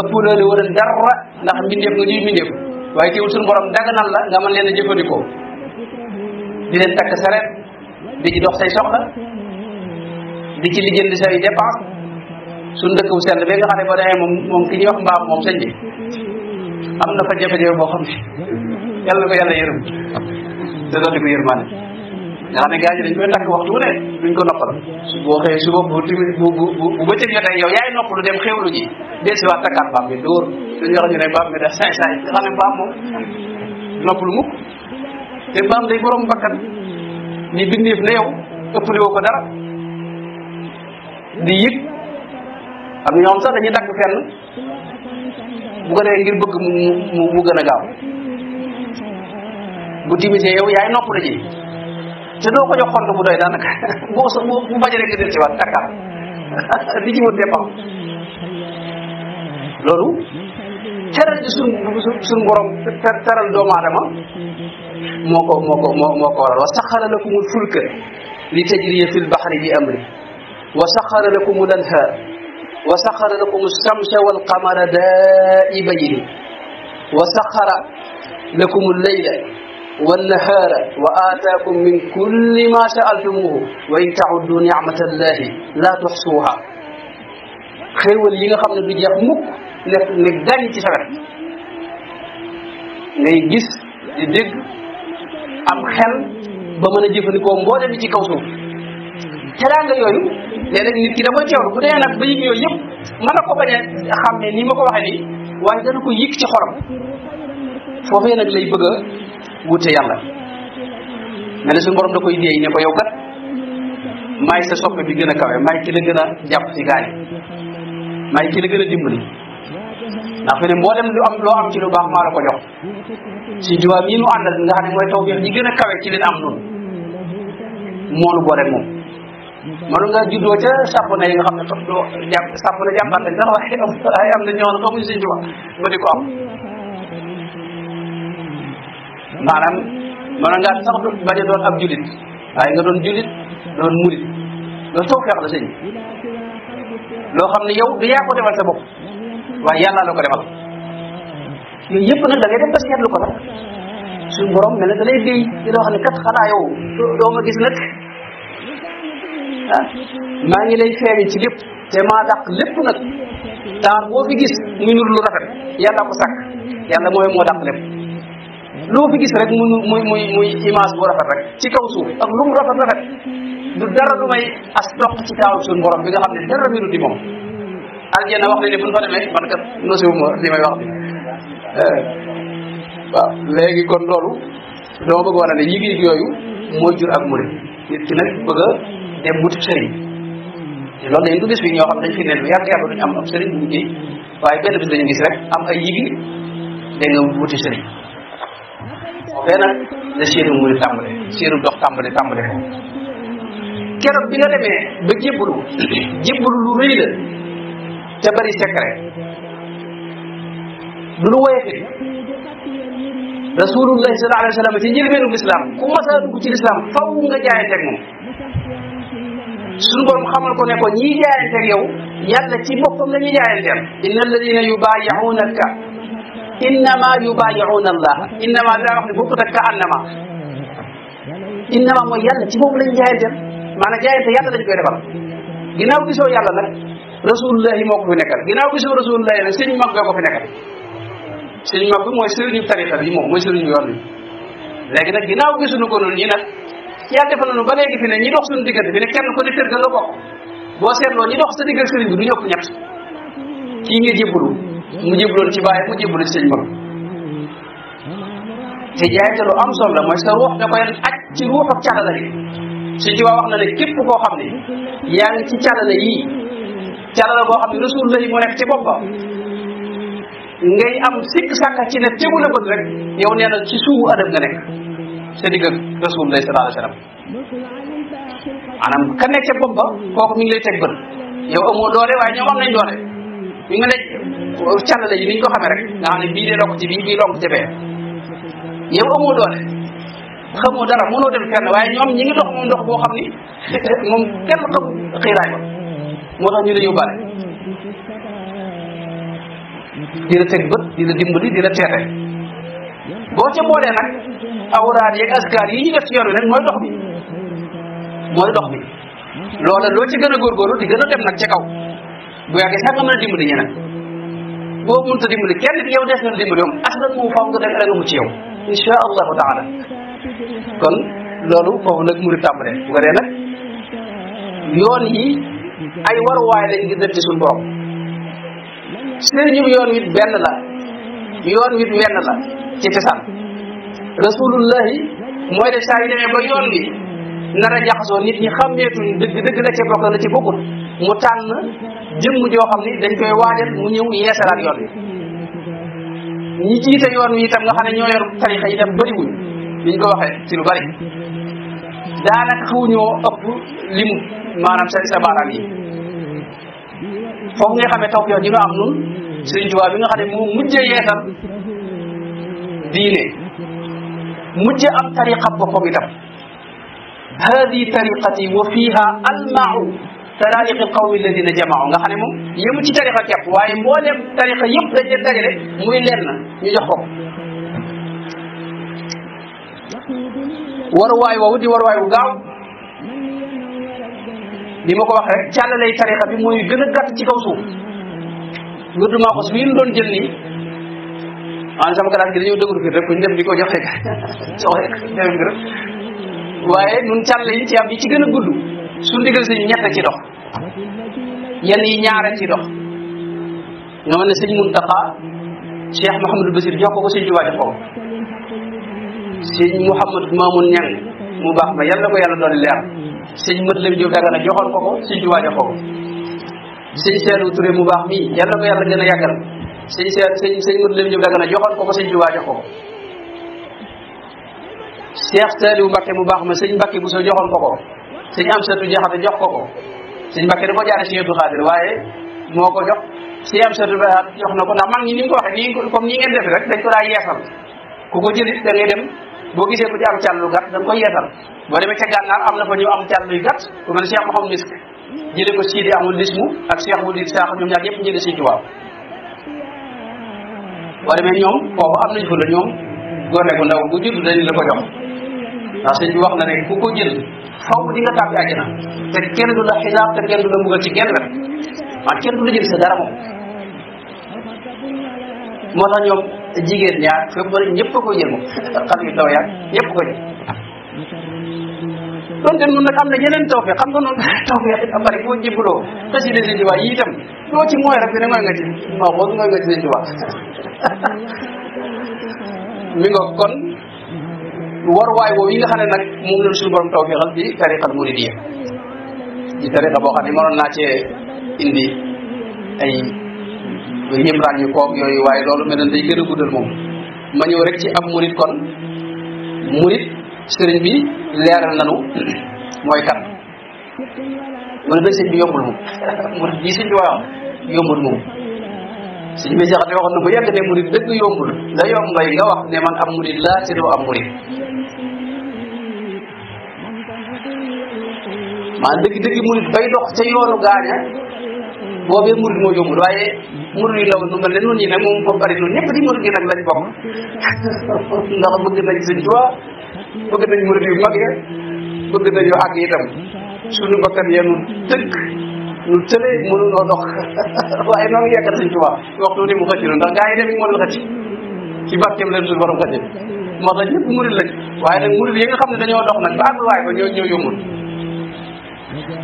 ëpp loolu war a dara ndax mbindeef nga ñuy mbindeef waaye teewul suñu borom daganal la nga mën leen a jëfandikoo di leen takk saret di ci dox say soxla di ci lijjanti say dépense suñu dëkk bu sell ba nga xam ne ba demee moom moom wax mbaam moom sëñ am na fa jafe-jafe boo xam ne yàlla ko yàlla yërëm te doon di ko yërmaane nga xam ne gars yi dañ koy takk waxtu wu ne duñ ko noppal boo xëyee suba bu timit bu bu bu bëccëg jotee yow yaay noppalu dem xewlu ji dee si waat takkaat baam bi dóor dañu wax ñu ne baam bi da saay saay nga xam ne baam moom noppalu mukk te baam day borom bakkan ni yow ëppale ko dara di yëg ñoom sax dañuy dagg bu ko defee bëgg mu gën a gaaw bu yow yaay noppalu ji te doo ko jox xont bu doy daanaka boo sa bu bañ rek del ci waat Dakar di ci wut dépam loolu teral ci sun sun borom teral doomu aadama moo ko moo ko moo ko waral wa saxara lakum al fulka li tajriya fi l baxri bi amri wa saxara lakum al anhaar wa saxara lakum alsamsa walqamara daa'ibayn wa saxara lakum al layla والنهار وآتاكم من كل ما سألتموه وإن تعدوا نعمة الله لا تحصوها خير اللي خمنا بدي أخمك نقداني تشغل نيجيس يدق أم خل بمن جيفني كوم بوجه بيجي كوسو كلام ده يوم لأن نتكلم ما تيار كده أنا بيجي يوم ما نكوبني خمني ما كوبني وأنا نكو يك تخرب فوفي أنا اللي بقى wute yàlla mel ne suñu borom da koy déey ne ko yow kat maay sa soppe bi gën a kawe maay ki la gën a jàpp ci gaa yi maay ki gën a dimbali ndax fi ne mboolem lu am loo am ci lu baax maa la ko jox si diwaan yi nu àndal nga xam ne mooy taw bi gën a kawe ci li am noonu moo nu boole moom. manu nga juddoo ca sàpp yi nga xam ne toog doo jàpp sàpp na jàppante waaye am na ñoo xam ne xamuñu si diwaan ba di ko am. maanaam maanaam ngaa sax du bañ a doon ab julit waaye nga doon julit doon murit loolu tawfeex la sëñ loo xam ne yow du yaa ko defal sa bopp waaye yàlla la ko defal yooyu yëpp nag da ko nag suñu borom ne da lay ne kat xanaa yow doo ma gis nag ah, maa ngi lay feeñe ci lépp te maa dàq lépp nag taar boo fi gis muy nur lu rafet yàlla ko sàkk yàlla mooy moo dàq lépp loo fi gis rek muy muy muy muy image bu rafet rek ci kaw suuf ak lu mu rafet rafet du dara du may as dox ci kaaw suñu borom bi nga xam ne dara biiru di moom aljanna wax ne ne buñ fa demee man kat eh, kon loolu dama bëgg wax ne yooyu mooy jur ak murid nit ki nag bëgg a dem wutib sëriñ loolu dañ ko gis fii ñoo xam dañ fi ne lu yàgg yàgg am ab sëriñ duñu kii waaye benn bis dañu gis rek am ay yigi da nga wuti sëriñ foofee nag la seenu murid tàmbale seenu dox tàmbale tàmbale ko keroog bi nga demee ba jébbalu jébbalu lu rëy la te bari secret du lu woyefit rasulullahi sallallahu alayhi wa sallam ci njëlbéenu lislaam ku masaa dugg ci lislaam faw nga jaayanteeg moom suñu borom xamal ko ne ko ñii jaayanteeg yow yàlla ci boppam la ñuy jaayanteel inna alladina yubayi'unaka innama yubayiuna allaha innama dinaa wax ne bokkut ak ka annama innama mooy yàlla ci moom lañ jaayanteel maanaam jaayante yàlla dañ koy defal ginnaaw gisoo yàlla nag rasulullahi moo ko fi nekkal ginnaaw gisoo rasulullahi nag sëriñ mag bee ko fi nekkal sëriñ mag bi mooy sëriñu tariqa bi moom mooy sëriñu yoon bi léegi nag ginnaaw gisuñu ko noonu ñi nag yàlla defal nañu ba léegi fi ne ñi dox suñu diggante fi ne kenn ku ne kër ga nga bokk boo seetloo ñi dox sa diggante sëriñ bi du ñëpp ñett kii nga jébbalu mu jébloon ci bàyyi mu jéblu ci sëñ borom te jaay te lu am solo la mooy sa ruux da koy aj ci ruux ak calala gi wax na ne képp koo xam ne yaa ngi ci calala yii calala xam ne rasulullah yi mu nekk ci boppam am sikk sàkka ci ne tegu la rek yow nee na ci suufu adam nga nekk sa digg ak rasulullah sallallahu alayhi ka nekk ca bopp ba kooku mi ngi lay teg bët yow amoo doole waaye ñoom am nañ doole mi ngi lay càllale yi niñ ko xamee rek nga xam ne bii de lonk ci bii bii lonk ci bee yow amoo doole xamoo dara mënoo dem fenn waaye ñoom ñi ngi dox moom ndox xam ni moom kenn xam xiiraay ba moo tax ñu la bët di la dimbali di nag awraad yi ñu def ci yoon wi dox bi mooy loo ci gën a góorgóorlu di gën a dem nag ca kaw bu yàggee sax nga mën a dimbali ñeneen boo mënut a dimbali kenn di yow des na dimbali moom as nag moom faw nga def rek mu ci yow insha allahu taala kon loolu foofu nag mu di tàmbalee bu ko yoon yi ay waruwaay lañ ngi def ci suñu borom sëriñum yoon wit benn la yoon wit wenn la ci cosaan rasulullahi mooy def saa yu demee ba yoon wi nar a jaxasoo nit ñi xàmmeetuñ dëgg dëgg na ca bokk la ci bokkul mu tànn jëmm joo xam ni dañ koy waajal mu ñëw yeesalaat yoon wi ñi jiite yoon wi itam nga xam ne ñoo yor tarixa itam bëriwuñ niñ ko waxee ci lu bari daanaka xawuñoo ëpp limu maanaam sa sa baaraam yi foofu nga xamee taw yow di nga am nun Sëriñ Tuubaa bi nga xam ne moo mujjee yeesal diine mujjee am tariqa boppam itam هذه طريقتي وفيها الماء tarikh alqawm alladhina jama'u nga xamne mom yemu ci tariqa kep waye mbolem tariqa yep la ci dajale muy leen ñu jox ko war way wowu di war way wu gaaw ni mako wax rek càllalay tariqa bi muy gëna gatt ci kaw suuf ngëdd maa ko suñu doon jël ni an sama kala gi dañoo dëgëru fi rek kuñ ñëm diko joxe ka soxla rek dem rek waye nun càllal ci am yi ci gëna a gudd suñ digal suñu ñett ci dox yenn yi ñaare ci dox nga mën ne sëñ Muntaxa Cheikh Mouhamadou Basir jox ko ko sëñ Tuubaa jox ko sëñ Mouhamadou Mamoun Ñang mu baax ma yàlla ko yàlla doon leer sëñ Mat Lam Jóob Dagana joxoon ko ko sëñ Tuubaa ko ko sëñ Seelu mu baax mii yàlla ko yàlla gën a yàggal sëñ Seel sëñ sëñ Mat Lam Jóob Dagana joxoon ko ko sëñ Tuubaa jox ko ko Cheikh Saliou Mbacké mu baax ma sëñ Mbacké bu soo joxoon ko ko sëñ Amsatu Jaxate jox ko ko sëñ Mbacke da ko jaare sëñ Abdou Khadir waye moko jox sëñ am sëñ jox nako na mag ni ni ko waxee nii comme ya, ni ngeen def rek dañ ko da yeesal ku ko jëlit da ngay dem bo gisé ko ci am càll gat dañ ko nga iya, koy yeesal boo demee ca gànnaar am na fa ñu am càll gat ko man Cheikh mohammed Misk jëlé ko Sidi amul lismu ak Cheikh Moudid Sakho ñoom ñaar yëpp jëlee sëñ Tuubaa boo demee ñoom foofu am nañ ko la ñom gone ko ndaw bu judd dañ la ko jox ndax sëñ bi wax na rek ku ko jël faw di nga tàbbi àjjana te kenn du la xisaab te kenn du la mbugal ci kenn wet ah kenn du la jël sa dara moom moo tax ñoom jigéen ñaar fépp bari ñëpp a ko jël moom xam yu ndaw yaag ñëpp ko jël donte nun nag am na yeneen tawfeex xam nga noonu tawfeex it a bari boo jébbaloo te si Sëñ Tuubaa yi itam loo ci mooy rek bi ne mooy nga ci maa xool mooy nga ci Sëñ mi nga kon waruwaay woowu yi nga xam ne nag moom la suñu borom tawfiixal di tariqal muridiyya di tariqa boo xam ne mënoon naa cee indi ay yim ràññi koog yooyu waaye loolu mel na day gën a guddal moom ma ñëw rek ci ab murid kon murid sëriñ bi leeral nanu mooy kan wala nag sëñ bi yombul moom murid bii sëñ bi waaw yombul moom suñu bi jaxate waxoon na bu yàgg ne murid dëgg yombul la yomb ngay nga wax ne man am murid laa te doo am murid maanaam dëgg dëgg murid bay dox ca yoonu gaaña boobee murid moo yombul waaye murid yu ndaw nu mel ne nun ñi nag moom ko bari nun ñëpp di murid yi nag lañ bokk ndax bëgg nañ Sëñ Tuubaa bëgg nañ murid yu mag ya bëgg nañu àgg itam suñu bakkan yenu tëgg lu tëlee mënuloo dox waaye noonu yekkat Sëñ Tuubaa waxtu ni mu xëcc lu ndax gaa dem moo leen xëcc ci barkeem leen suñu borom xëcc moo tax ñëpp murid lañ waaye nag murid yi nga xam ne dañoo dox nag ba àgg waaye ba ñoo ñoo yombul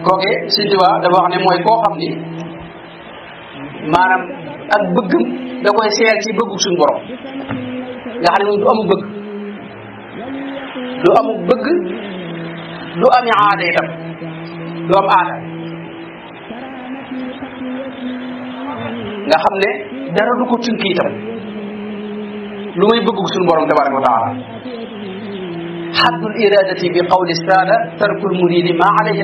kooke Sëñ Tuubaa wax ne mooy koo xam ni maanaam ak bëggam da koy seer ci bëggu suñu borom nga xam du amu bëgg du amu bëgg du ami aada itam du am aada nga xam dara du ko itam lu may bëgg suñu borom taala حد الإرادة بقول السادة ترك المريد ما عليه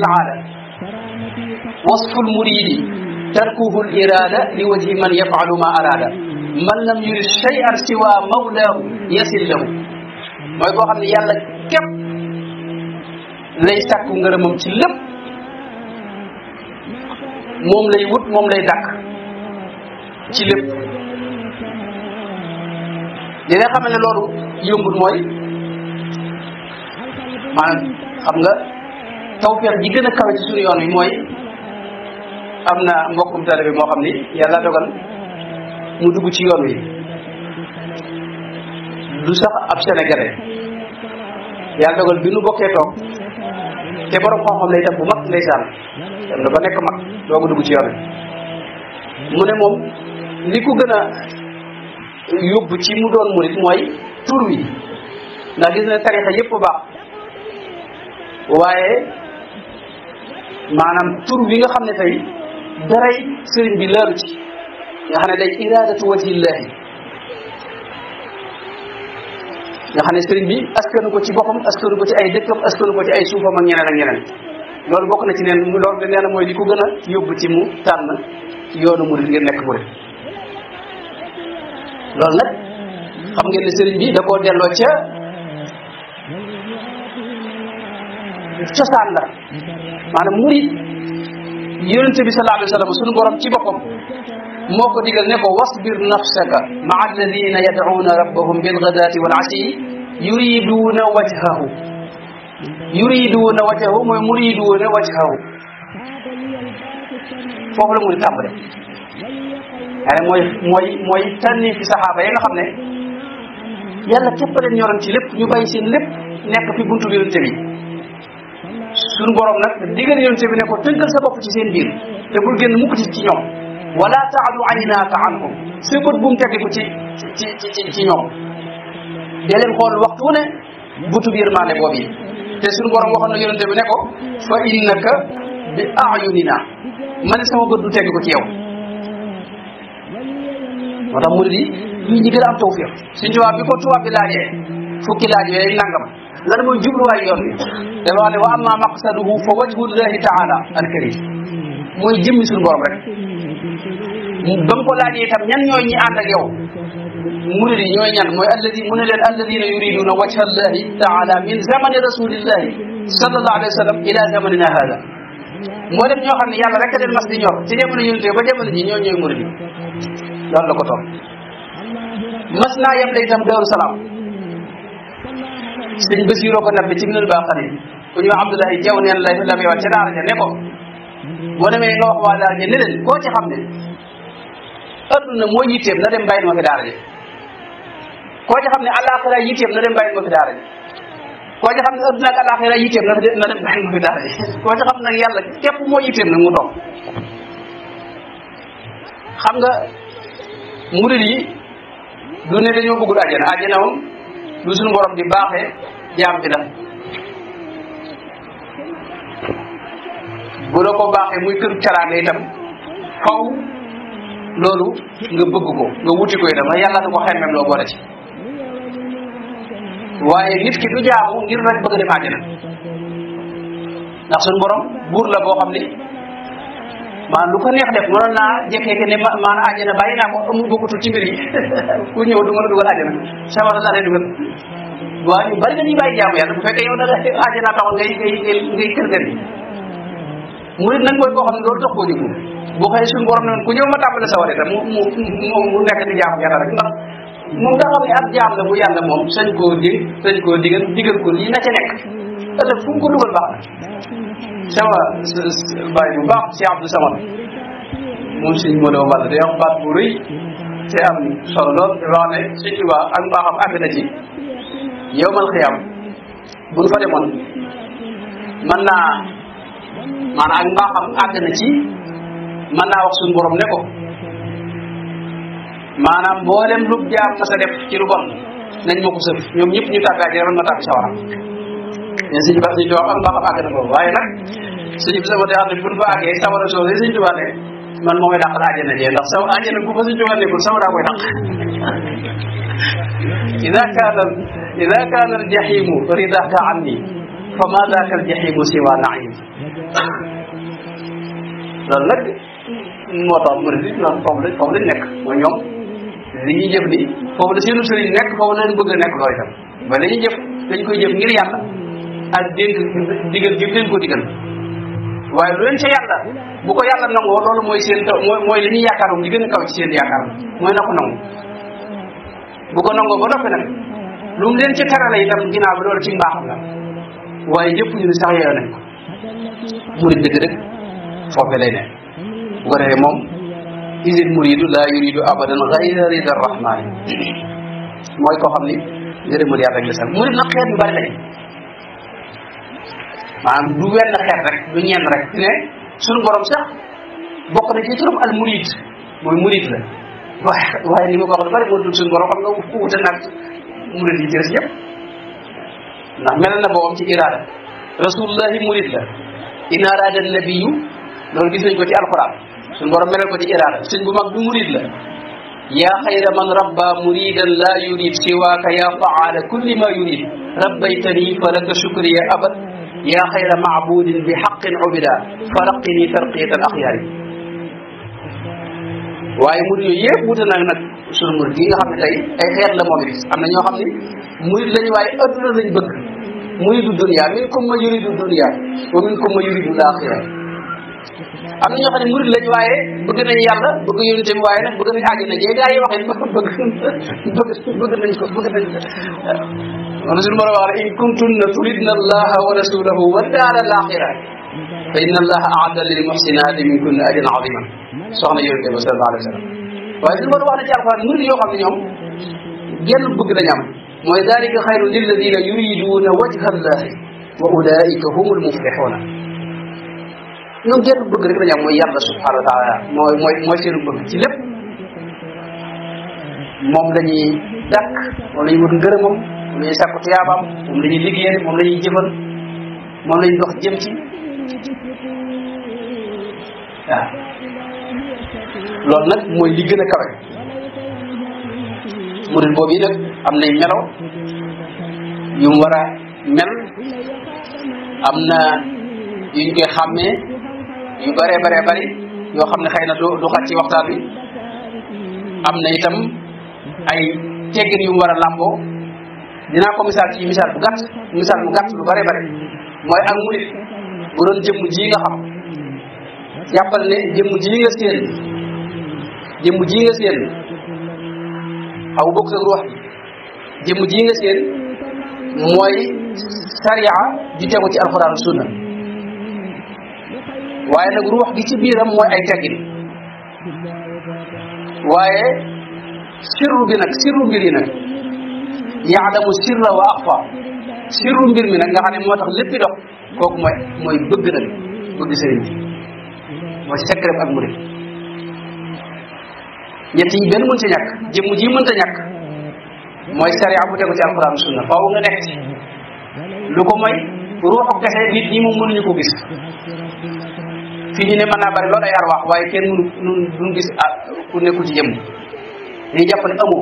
وصف المريد تركه الإرادة لوجه من يفعل ما أراد من لم يرد شيئا سوى مولاه يصل له ما يقول أن يالا كيب lay sàkku ngërëmam ci lépp moom lay wut moom lay ci lépp li nga xamal ne loolu yombul mooy maanaam xam nga tawfeex ji gën a kawe suñu yoon wi mooy am na mbokkum tale bi moo xam ni yàlla dogal mu dugg ci yoon wi lu sax ab sénégalais yàlla dogal bi nu bokkee toog te borom xam-xam lay def bu mag ndeysaan dem na nekk mag dooga dugg ci yoon wi mu ne moom li ko gën a yóbbu ci mu doon murit mooy tur wi ndax gis na tarixa yépp baax waaye maanaam tur wi nga xam ne tey daray sëriñ bi laaru ci nga xam ne day iradatu wajhillahi nga xam ne sëriñ bi askanu ko ci boppam askanu ko ci ay dëkkam askanu ko ci ay suufam ak ñeneen ak ñeneen loolu bokk na ci neen loolu nee na mooy li ko gën a yóbbu ci mu tànn yoonu murit ngir nekk murit loolu nag xam ngeen ne sëriñ bi da koo delloo ca cosaan la maanaam murid yonent bi sallallahu alayhi wa sallam suñu borom ci boppam moo ko digal ne ko wasbir nafsaka maa alladina yad'uuna rabbahum bilgadaati wal asi yuriduuna wajhahu yuriduuna wajhahu mooy muriduuna wajhahu foofu la muy tàmbale yaa mooy mooy mooy tànnii fi saxaaba ya nga xam ne yàlla képp leen ñoroon ci lépp ñu bàyyi seen lépp nekk fi buntu yonente bi suñu borom nag digal yonente bi ne ko tënkal sa bopp ci seen biir te bul génn mukk ci ci ñoom wala taadu aynaaka anhum sa bët bu mu teggiku ci ci ci ci ñoom dee xool waxtu ne butu biir maande boobu yi te suñu borom waxoon na yonente bi ne ko fa innaka bi ayunina ma ne sama bët du ko ci yow moo tax murid yi ñi gëna am tawfiq suñ tuba bi ko tuba bi laaje fukki laaje yooyu nangam lan jublu way yoon bi dafa wa amma maqsaduhu fa wajhu llahi taala al karim moy jëmmi suñu borom rek ba mu ko laaje tam ñan ñoy ñi ànd ak yow murid ñoy ñan moy alladhi mu alladhina yuriduna wajha llahi taala min zaman rasulillahi sallallahu alayhi wasallam ila zamanina hada moo dem ñoo xamni yàlla rek a leen mas di ñor ci ñu yonte ba jamono ñi ñoo ñoy murid loolu la ko to mas naa yem day itam Daaru Salaam sëñ Basiiroo ko nappe ci minal baa xani ku ñu wax Abdoulaye Jaw neen la la muy wax ca daara ja ne ko boo demee nga wax waa daara ja ne leen koo ci xam ne adduna mooy yitteem na dem bàyyi ma fi daara ja koo ci xam ne àllaaxira yitteem na dem bàyyi ma fi daara ja koo ci xam ne adduna ak àllaaxira yitteem na na dem bàyyi ma fi daara ja koo ci xam ne nag yàlla képp moo yitteem nag mu toog xam nga murid yi du ne dañoo bëggul àjjana àjjana moom lu suñu borom di baaxee jaam bi la bu la ko loolu nga bëgg ko nga wuti ko itam yàlla da ko xemmem loo boole ci waaye nit ki du jaamu ngir rek bëgg dem àjjana ndax suñu borom buur la boo xam ni maanaam lu ko neex def mënoon naa jékkee ne maanaam àjjana bàyyi naa ko amul bokkutul ci mbir yi ku ñëw du nga dugal àjjana sawara laa lay dugal waaw ñu bari dañuy bàyyi jaamu yàlla bu fekkee da nga àjjana taxoon ngay ngay ngay ngay kër kër yi murit nag mooy koo xam ne koo jógu boo ku nekk di jaamu yàlla rek ndax moom da yàlla moom sañ koo dig ko lii na ca nekk ëllëg fu mu ko dugal baax na sama bàyyi bu baax si Abdou Samad moom suñ mën a wàll day wax baat bu rëy te am solo lool wax ne suñ Tuubaa ak mbaaxam àgg na ci yowmal xiyaam buñ fa demoon mën naa maanaam ak am àgg na ci mën naa wax suñu borom ne ko maanaam mboolem lu jaam ma sa def ci lu nañ ma ko sëf ñoom ñëpp ñu tàggaaj rek man ma tàgg sawara ñun suñu baax suñu tubaab am baaxam àgg na foofu waaye nag suñu bis boo xam ne buñ fa àggee sawara soo si suñu tubaab ne man moom mooy dàqal àjjana jee ndax saw àjjana bu fa suñu tubaab nekkul saw daa koy dàq. ida kaana ida kaana al jahimu ridaka anni fa ma daaka al jahimu siwa naim loolu nag moo tax mu ne la foofu lañ foofu lañ nekk mooy ñoom li ñuy jëf ni foofu la seenu sëriñ nekk foofu lañ bëgg a nekk looy tam ba la ñuy jëf dañ koy jëf ngir yàlla ak dégg digal gi ko digal waaye lu leen ca bu ko yàlla nangoo loolu mooy seen taw mooy mooy li ñuy yaakaaroon li gën a kaw ci mooy na ko nangu bu ko nangoo ba noppi nag lu mu leen ca terale itam ginnaaw bi loolu ci mbaaxam la waaye yëpp ñu ne sax yeeyoo nañ murid dëgg rek foofe lay ne bu ko defee moom isil muridu laa yuridu abadan gayra rida mooy koo xam ni ngërëmul yàlla rek la sax murid nag xeet yu bari maanaam du wenn xeet rek du ñenn rek ne suñu borom sax bokk na ci turam al murid mooy murid la waaye waaye ni ma ko wax lu bari moo dul suñu borom xam nga ku wute nag murid yi jërës yëpp ndax mel na boobam ci iraada rasulullahi murid la in araada nabiyu loolu gis nañ ko ci alquran suñu borom melal ko ci iraada suñ bu mag bi murid la yaa xayra man rabba muridan laa yurid siwaaka yaa faala kulli ma yurid rabbaytani falaka shukriya abad يا خير معبود بحق عبدا فرقني ترقية الأخيار واي مريد يب بودنا نك سر مريد يا خم تاي أي خير لما بيس أما يا خم مريد لني واي أدرى لني بكر مريد الدنيا منكم am na ñoo xam ne murid lañ waaye bëgg nañ yàlla bëgg yonente bi waaye nag bëgg nañ àjjana jee gaa yi wax ne bëgg bëgg bëgg nañ ko bëgg nañ ko wana suñu borom wax ne in kuntunna turidna allaha wa rasulahu wa daara al axira fa inna allaha aada lil muxsinaati min kunna ajran aziman soxna yonente bi sallallahu alayhi wa sallam waaye suñu borom wax na ci alquran murid yoo xam ne ñoom genn bëgg nañ am mooy dalika xayru lilladina yuriduna wajha allahi wa ulaika humul muflixuna ñoom genn bëgg rek dañu am mooy yàlla subhanahu wa taala mooy mooy ci lépp moom la ñuy dàkk moom la ñuy wut ngërëmam moom la ñuy sàkku moom la ñuy liggéeyal moom la ñuy dox jëm ci loolu nag mooy li gën a kawe murid boobu yi nag am na melo yu mu war mel am na yu ñu koy xàmmee yu bëree bëree bëri yoo xam ne xay na du du xaj ci waxtaan bi am na itam ay teggin yu mu war a làmboo dinaa ko misaal ci misaal bu gàtt misaal bu gàtt lu bëree bëri mooy ak murit bu doon jëmm ji nga xam jàppal ne jëmm ji nga séen jëmm ji nga séen aw bokk ak ruux jëmm ji nga séen mooy sariya ju tegu ci alxuraan sunna waaye nag ruux gi ci biiram mooy ay teggin waaye sirru bi nag sirru mbir yi nag yaalamu sirra wa axfa sirru mbir mi nag nga xam ne moo tax léppi dox kooku mooy mooy bëgg nag bëgg sëriñ bi mooy secret ak murid ñett yi benn mën ci ñàkk jëmm ji mënta ñàkk mooy sariya bu tegu ci alquran sunna faaw nga nekk lu ko mooy ruuxu kese nit ñi moom mënuñu ko gis fi ñu ne mën naa bari loolu ay arwaax waaye kenn mënu nun duñ gis ah, ku nekkul ci jëmm ni jàpp ne amoo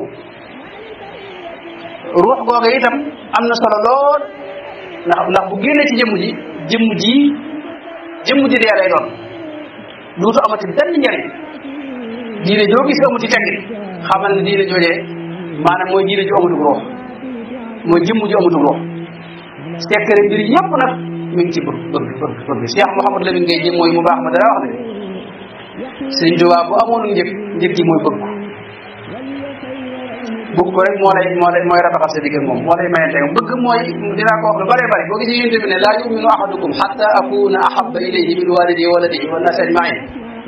ruux googa itam am na solo lool ndax ndax bu génne ci jëmm ji jëmm ji jëmm ji dee lay doon duutu amati benn njëriñ diine joo gis amuti teggin xamal ne diine joojee maanaam mooy ji ju amatu ruux mooy jëmm ju amatu ruux sekkare mbir yëpp nag mi ngi ci bëgg bëgg bëgg bëgg Cheikh Mouhamadou Lamine Gueye jëm mooy mu baax ma dara wax ne sëñ Tuubaa bu amoon njëg njëg ji mooy bëgg ko bëgg ko rek moo lay moo lay mooy rataxal sa digg ak moom moo lay mayante moom bëgg mooy dinaa ko wax lu bare bare boo gisee yéen tamit ne laa yuminu ahadukum hatta akuna ahabba ilayhi min walidi wa waladihi wa nas ajmain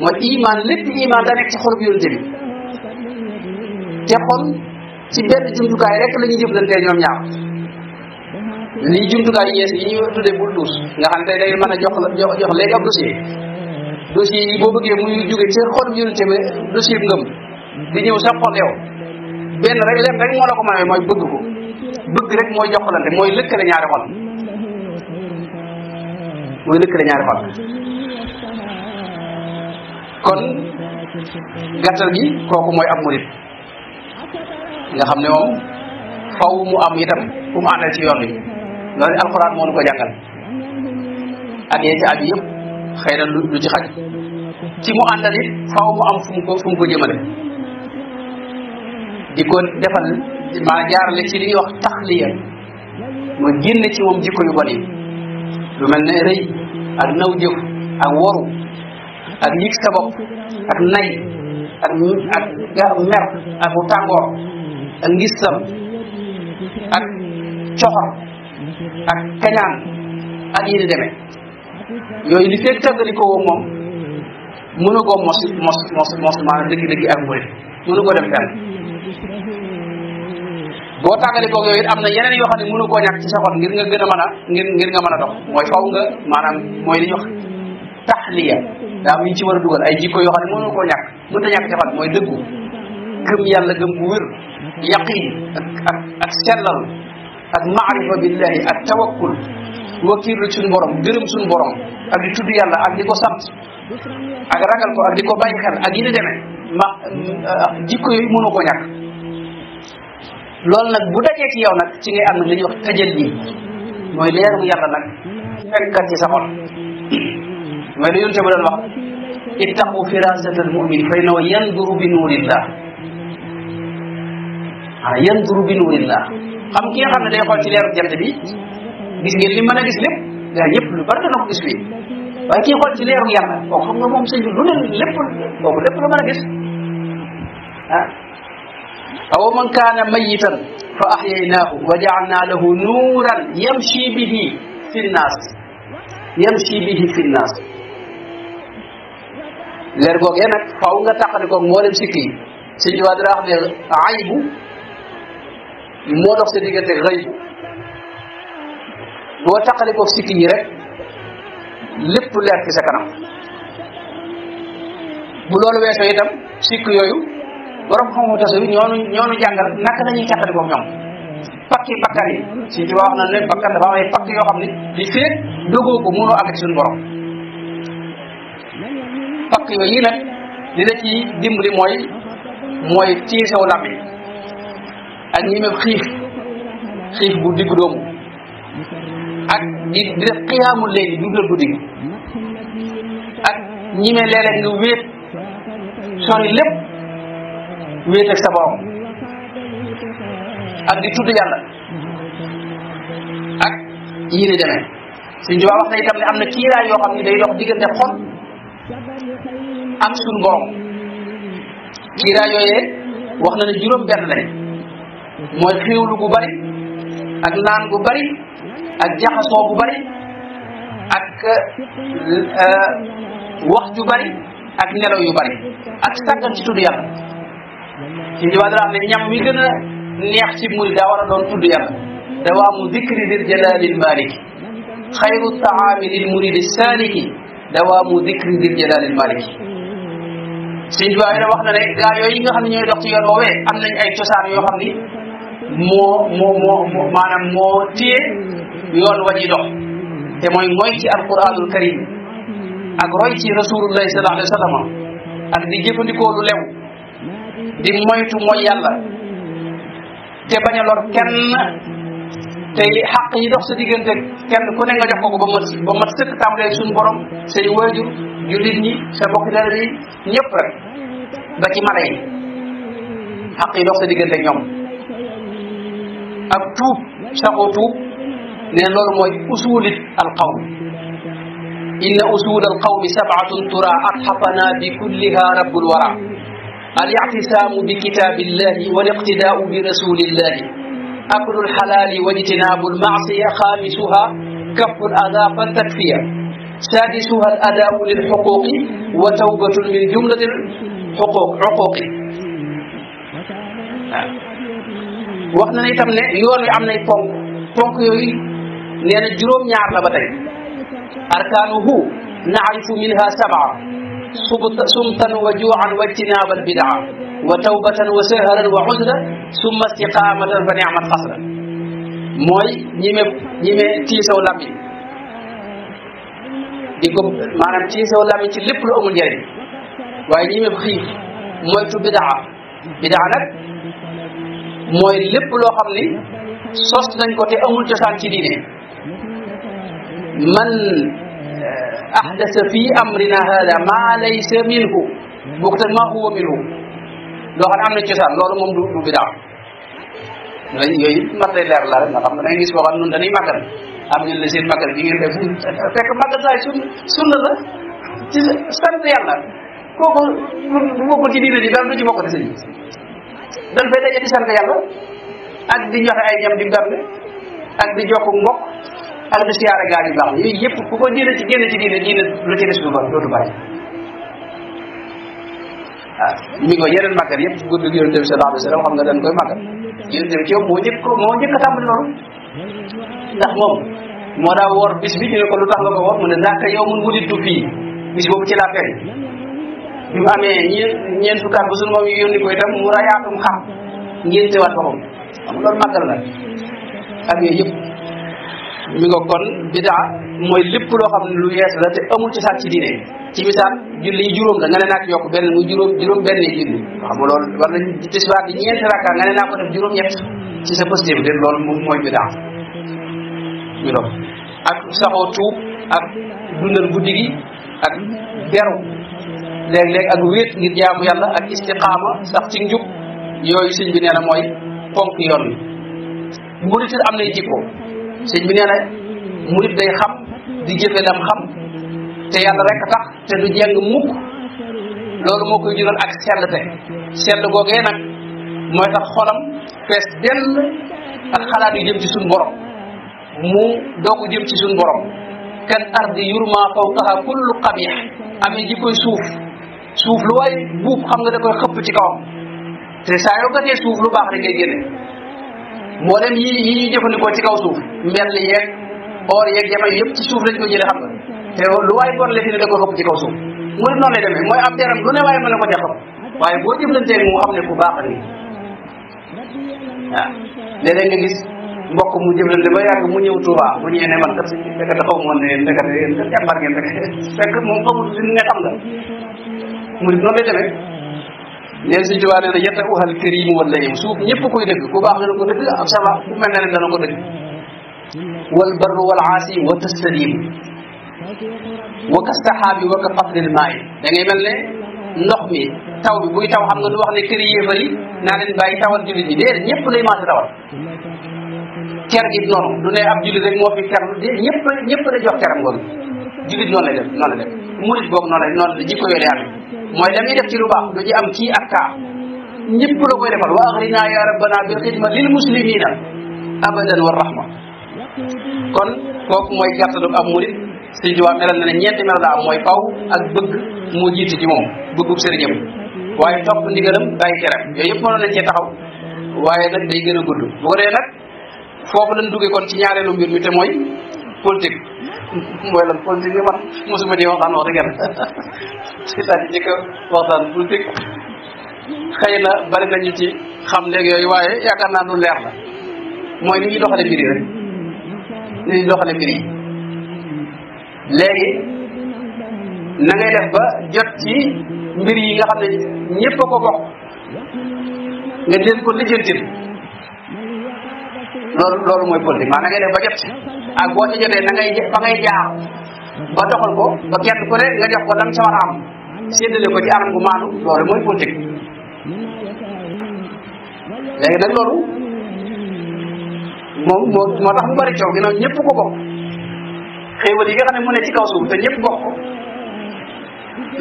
mooy iman lépp iman da nekk ci xol bi yonent bi te xol ci benn jumtukaay rek la ñuy jëflantee ñoom ñaar lii jumtukaay yees yi ñu tuddee bultuus nga xam tey day mën a jox jox jox léegi ab dossier yi boo bëggee muy jóge ci xol bi yonente bi dossier bi di ñëw sa xol benn rek leen rek mooy bëgg ko bëgg rek mooy jokkalante mooy lëkkale ñaari xol mooy lëkkale ñaari xol kon gàttal gi kooku mooy ab murit xam ne moom faw mu am itam fu mu àndal ci yoon wi loolu alxuraan moo ñu ko jàngal ak yee ci aju yëpp na lu xaj ci mu àndal it faaw am fu ko fu ko jëmale di ko defal maa jaarale ci li ñuy wax taxliya mu génn ci moom jikko yu bon yi lu mel ne rëy ak naw jëf ak woru ak yëg sa bopp nay ak ak mer ak tàngoor ak ngislam ak coxor ak kañaan ak yi di yooyu li fekk tàggali ko woo moom mënu koo mos mos mos mos maanaam dëgg-dëgg ak mbëri mënu koo dem fenn boo tàggali koog yooyu am na yeneen yoo xam ne mënu koo ñàkk ci sa xol ngir nga gën a mën a ngir ngir nga a dox mooy faw nga maanaam mooy li ñuy wax taxliya daa am ñu ci war a dugal ay jikko yoo xam ne mënu koo ñàkk mënut a ñàkk ci xol mooy dëggu gëm yàlla gëm bu wér yaqin ak ak ak ak maarifa billahi ak tawakkul wakiilu suñu borom gërëm suñu borom ak di tudd yàlla ak di ko sant ak ragal ko ak di ko bàyyi ak yi ni demee ma ah, jikko yooyu mënu ko ñàkk loolu nag bu dajee ci yow nag ci ngay am na li ñuy wax tëjal yi mooy leeru yàlla nag fekkat ci sa xol mooy li yonte ba doon wax ittaqu firasata al mumin fa innahu yanduru bi nuurillah ah yanduru bi nuurillah xam ki nga xam ne day xool ci leeru jant bi gis ngeen li mën a gis lépp gaa ñëpp lu bari dana ko gis fii waaye kii xool ci leeru yàlla kooku xam nga moom sëñ bi lu ne lépp kooku lépp lu mën a gis ah aw man kaana mayitan fa ahyaynaahu wa jaalna lahu nuuran yamshi bihi fi nnaas yamshi bihi fi nnaas leer googee nag faaw nga tàqali koog mboolem sikki sëñ bi waa dara wax ne aybu moo dox sa diggante rëy boo taqale ko sikki rek lépp leer ci sa kanam bu loolu weesoo itam sikk yooyu borom xam-xamu tasawuf ñoonu ñoonu jàngal naka la ñuy taqale ko ñoom pakki bakkan yi suñ ci wax na ne bakkan dafa am pakk yoo xam ne li feeg dogoo ko mënoo àgg ci borom pakk yooyu yi nag li la ci dimbali mooy mooy tiisaw lam ak ñemeb xiif xiif bu diggu doomu ak di di def xiyaamu léegi dundal guddi gi ak ñime léeg nga wéet sori lépp wéet ak sa borom ak di tudd yàlla ak yii ni demee suñ wax na itam ne am na kiiraay yoo xam ne day dox diggante xol ak suñ borom kiiraay yooyee wax na ne juróom benn lañ mooy xiiwlu gu bari ak naan gu bari ak jaxasoo gu bari ak euh, wax ju bari ak nelaw yu bari ak sàggan ci tudd yàlla ci ñi waa am ne ñam mi gën a neex si muri daa war a doon tudd yàlla dawaamu dikri dil jalalil maliki xayru taami lil i saliki dawaamu dikri dil jalalil maliki sëñ bi wax na ne gaa yoo yi nga xam ne ñooy dox ci yoon woowee am nañ ay cosaan yoo xam ni moo moo moo maanaam moo téye yoon wa ji dox te mooy ngoy ci alquranul karim ak roy ci rasulullahi sallallahu alayhi wa sallam ak di jëfandikoo lu lew di moytu mooy yàlla te bañ a lor kenn te xaq yi dox sa diggante kenn ku ne nga jox ko ko ba mat ba mat sëkk tàmbalee suñu borom say waajur jullit ñi sa bokk dara yi ñëpp rek ba ci mala yi xaq yi dox sa diggante ñoom ak tuub saxoo tuub nee na loolu mooy usuli alqawm inna usul alqawmi sabatun tura الاعتصام بكتاب الله والاقتداء برسول الله أكل الحلال واجتناب المعصية خامسها كف الأذى فالتكفية سادسها الأداء للحقوق وتوبة من جملة الحقوق عقوق wax na ne itam ne yoon wi am nay ponk ponk yooyu nee na juróom-ñaar la ba tey arkaanuhu naarifu minha sabaa سمتا وجوعا واجتناب البدعة وتوبة وسهرا وعذرا ثم استقامة فنعم القصر موي نيمي نيمي تيسو لامي ديكو مانام تيسو لامي تي لب لو امول جاري واي نيمي خيف موي تو بدعة بدعة نك mooy lépp loo xam ni sos nañ ko te amul cosaan ci diine man eh, ahdasa fi amrina hada ma laysa minhu bokkut ak maa huwa minhu loo xam ne am na cosaan loolu moom du du bidaa lañ yooyu mat lay leer la rek nga xam ne da ngay gis boo xam nun dañuy màggal am ñu la seen màggal bi ngeen def fekk màggal saay sun sunna la ci sant yàlla kooku du bokkul ci diine ji daal du ci bokk di sëñ dañ fay daje di sant yàlla ak di joxe ay ñam di gàmme ak di jokk mbokk ak di siyaare gaa yu baax yooyu yëpp ku ko diine ci génn ci diine diine lu ci des du ba dootu bàyyi ah, waaw yeneen màggal yëpp gudd gi xam nga dañ koy màggal yonent bi ci yow moo njëkk moo njëkk a tàmbali loolu ndax moom moo daa woor bis bi ñu ne ko lu tax nga ko woor mu ne naaka yow mun wulitu fii bis boobu ci la feri bi mu amee ñeent ñeent fukki su ba suñu moom yi yónni ko itam mu rayaatum xam ngénte waat boppam xam loolu màggal la ak yooyu yëpp mi nga kon bidaa mooy lépp loo xam ne lu yees la te amul ci saat ci diine ci misaal julli juróom la nga ne naa ci yokk benn muy juróom juróom benn julli xam nga loolu war nañ tisbaar bi rakka nga ne naa ko def juróom ñett ci sa positif de loolu moom mooy bidaa mi doon ak saxoo tuub ak dundal guddi gi ak beru léeg-léeg ak wéet ngir jaamu yàlla ak istiqaama sax ci njub yooyu sëñ bi nee na mooy ponk yoon wi murit am nay jikko sëñ bi nee na murit day xam di jëfe lam xam te yàlla rek tax te du jeng mukk loolu moo koy jural ak sell te sell googee nag mooy tax xolam fees dell ak xalaat yu jëm suuf suuf lu waay buuf xam nga da koy xëpp ci kawam te saa yoo gatee suuf lu baax rek ngay génne mboolem yi yi ñuy jëfandikoo ci kaw suuf mbell yeeg or yeeg jamono yëpp ci suuf lañ ko jëlee xam nga te lu waay bon la fi ne xëpp ci kaw suuf mu ne noonu lay mooy ab deram lu ne waaye mën na ko jaxam waaye boo jëflantee ni mu xam ne ku baax a ngi waaw léeg-léeg nga gis mbokk mu mu ñëw Touba mu ñëwee ne man kat fekk dafa xaw moon ne yéen fekk moom xamul li muy noonu tamit neen suñ tubaa nee na yetta uhal kërimu wala yi suuf ñëpp koy dëgg ku baax dana ko dëgg ab saba ku mel ne dana ko dëgg wal barru wal aasi wa tastadim wa ka saxaabi wa ka fadlil maay da ngay mel ne ndox mi taw bi buy taw xam nga du wax ne kër yéefar yi naa leen bàyyi tawal jullit ñi déedéet ñëpp lay maase tawal ker gi noonu du ne ab jullit rek moo fi ker déedéet ñëpp ñëpp lay jox keram ngoon jullit noonu lay def noonu la def murit boobu noonu la noonu la jikko yooyu lay amee mooy la muy def ci lu baax du ci am kii ak kaa ñëpp la koy defal wa axrina ya rabbana bil xidma lil muslimina abadan wa rahma kon kooku mooy gàttalu am murit sëñ Tuubaa melal na ne ñeenti mel la am mooy faw ak bëgg moo jiitu ci moom bëggub sëriñam waaye topp ndigalam bàyyi teram yooyu yëpp mënoon nañ cee taxaw waaye nag day gën a gudd bu ko dee nag foofu lañ duggee kon ci ñaareelu mbir mi te mooy politique mooy lan politique bi man mosuma di waxtaan wax dëgg si daal di njëkk a waxtaan politique xëy na bari nañu ci xam léegi yooyu waaye yaakaar naa lu leer la mooy ni ñuy doxale mbir yi rek mbir yi léegi na ngay def ba jot ci mbir yi nga xam ne ñëpp a ko bokk nga leen ko lijjantil loolu loolu mooy politique maa na def ba jot ak boo ci jotee na ngay fa ngay jaar ba doxal ko ba kenn ku ne nga jox ko lam sa a am séddale ko ci anam gu maanu loolu mooy politique léegi nag loolu moom moo moo tax mu bari coow ginnaaw ñëpp ko bokk xéewal yi nga xam ne mu ne ci kaw suuf te ñëpp bokk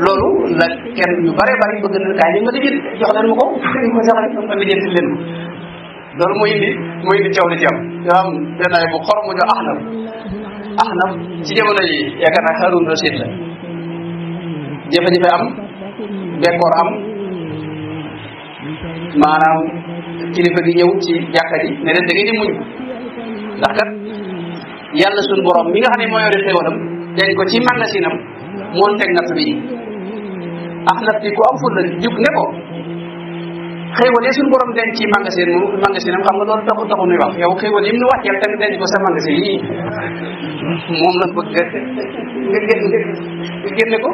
loolu la kenn ñu bare bari bëgg na kaay ñu ma lijjanti jox leen ma ko ma jox leen ma lijjanti leen loolu mooy indi mooy indi coow li ci am yoo am benn bu xorom bu ñu axnaf axnaf ci jamono yi yaakaar naa Haarun Rasiid la jafe-jafe am bekkoor am maanaam kilifa gi ñëw ci jàkka ji ne leen da ngeen di muñ ndax kat yàlla suñu borom mi nga xam ne moo yore xéwalam dañ ko ci magasinam moon teg natt bi axnaf di ko am ful la jug ne ko xéewal yi suñu borom denc ci magasin mu magasin am xam nga loolu taxu taxu nuy wax yow xéewal yi mu nu wàcceel tamit denc ko sa magasin yi moom lañ bëgg nga génn nga génne ko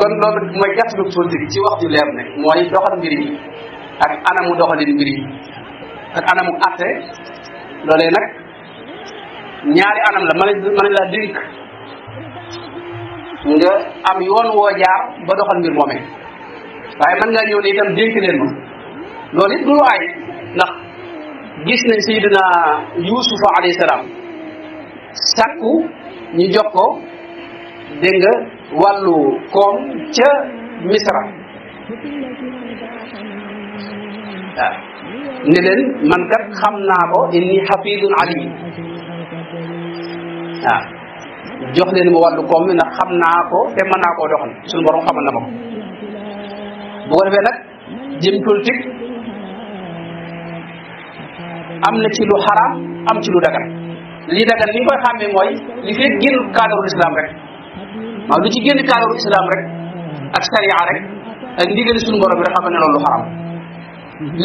kon loolu mooy gàttalu ci wax ju leer ne mooy doxal mbir yi ak anamu doxalin mbir yi ak anamu atte loolee nag ñaari anam la mën mën laa dénk nga am yoon woo jaar ba doxal mbir moomee waaye mën ngaa ñëw ne itam dénk leen ma loolu du waay ndax gis nañ sayyidina yusufa alayhi salaam sàkku ñu jox ko dégg nga wàllu koom ca misra waaw ne leen man kat xam naa ko inni xafidun alim waaw jox leen ma wàllu koom mi ndax xam naa ko te mën naa koo doxal suñu borom xamal na ma ko bu ko defee nag jëm politique am na ci lu xaraam am ci lu dagan li dagan li koy xàmmee mooy li fekk génn cadre islam rek waaw lu ci génn cadre islam rek ak sariya rek ak ndigali suñu borom bi rek xam ne loolu lu xaraam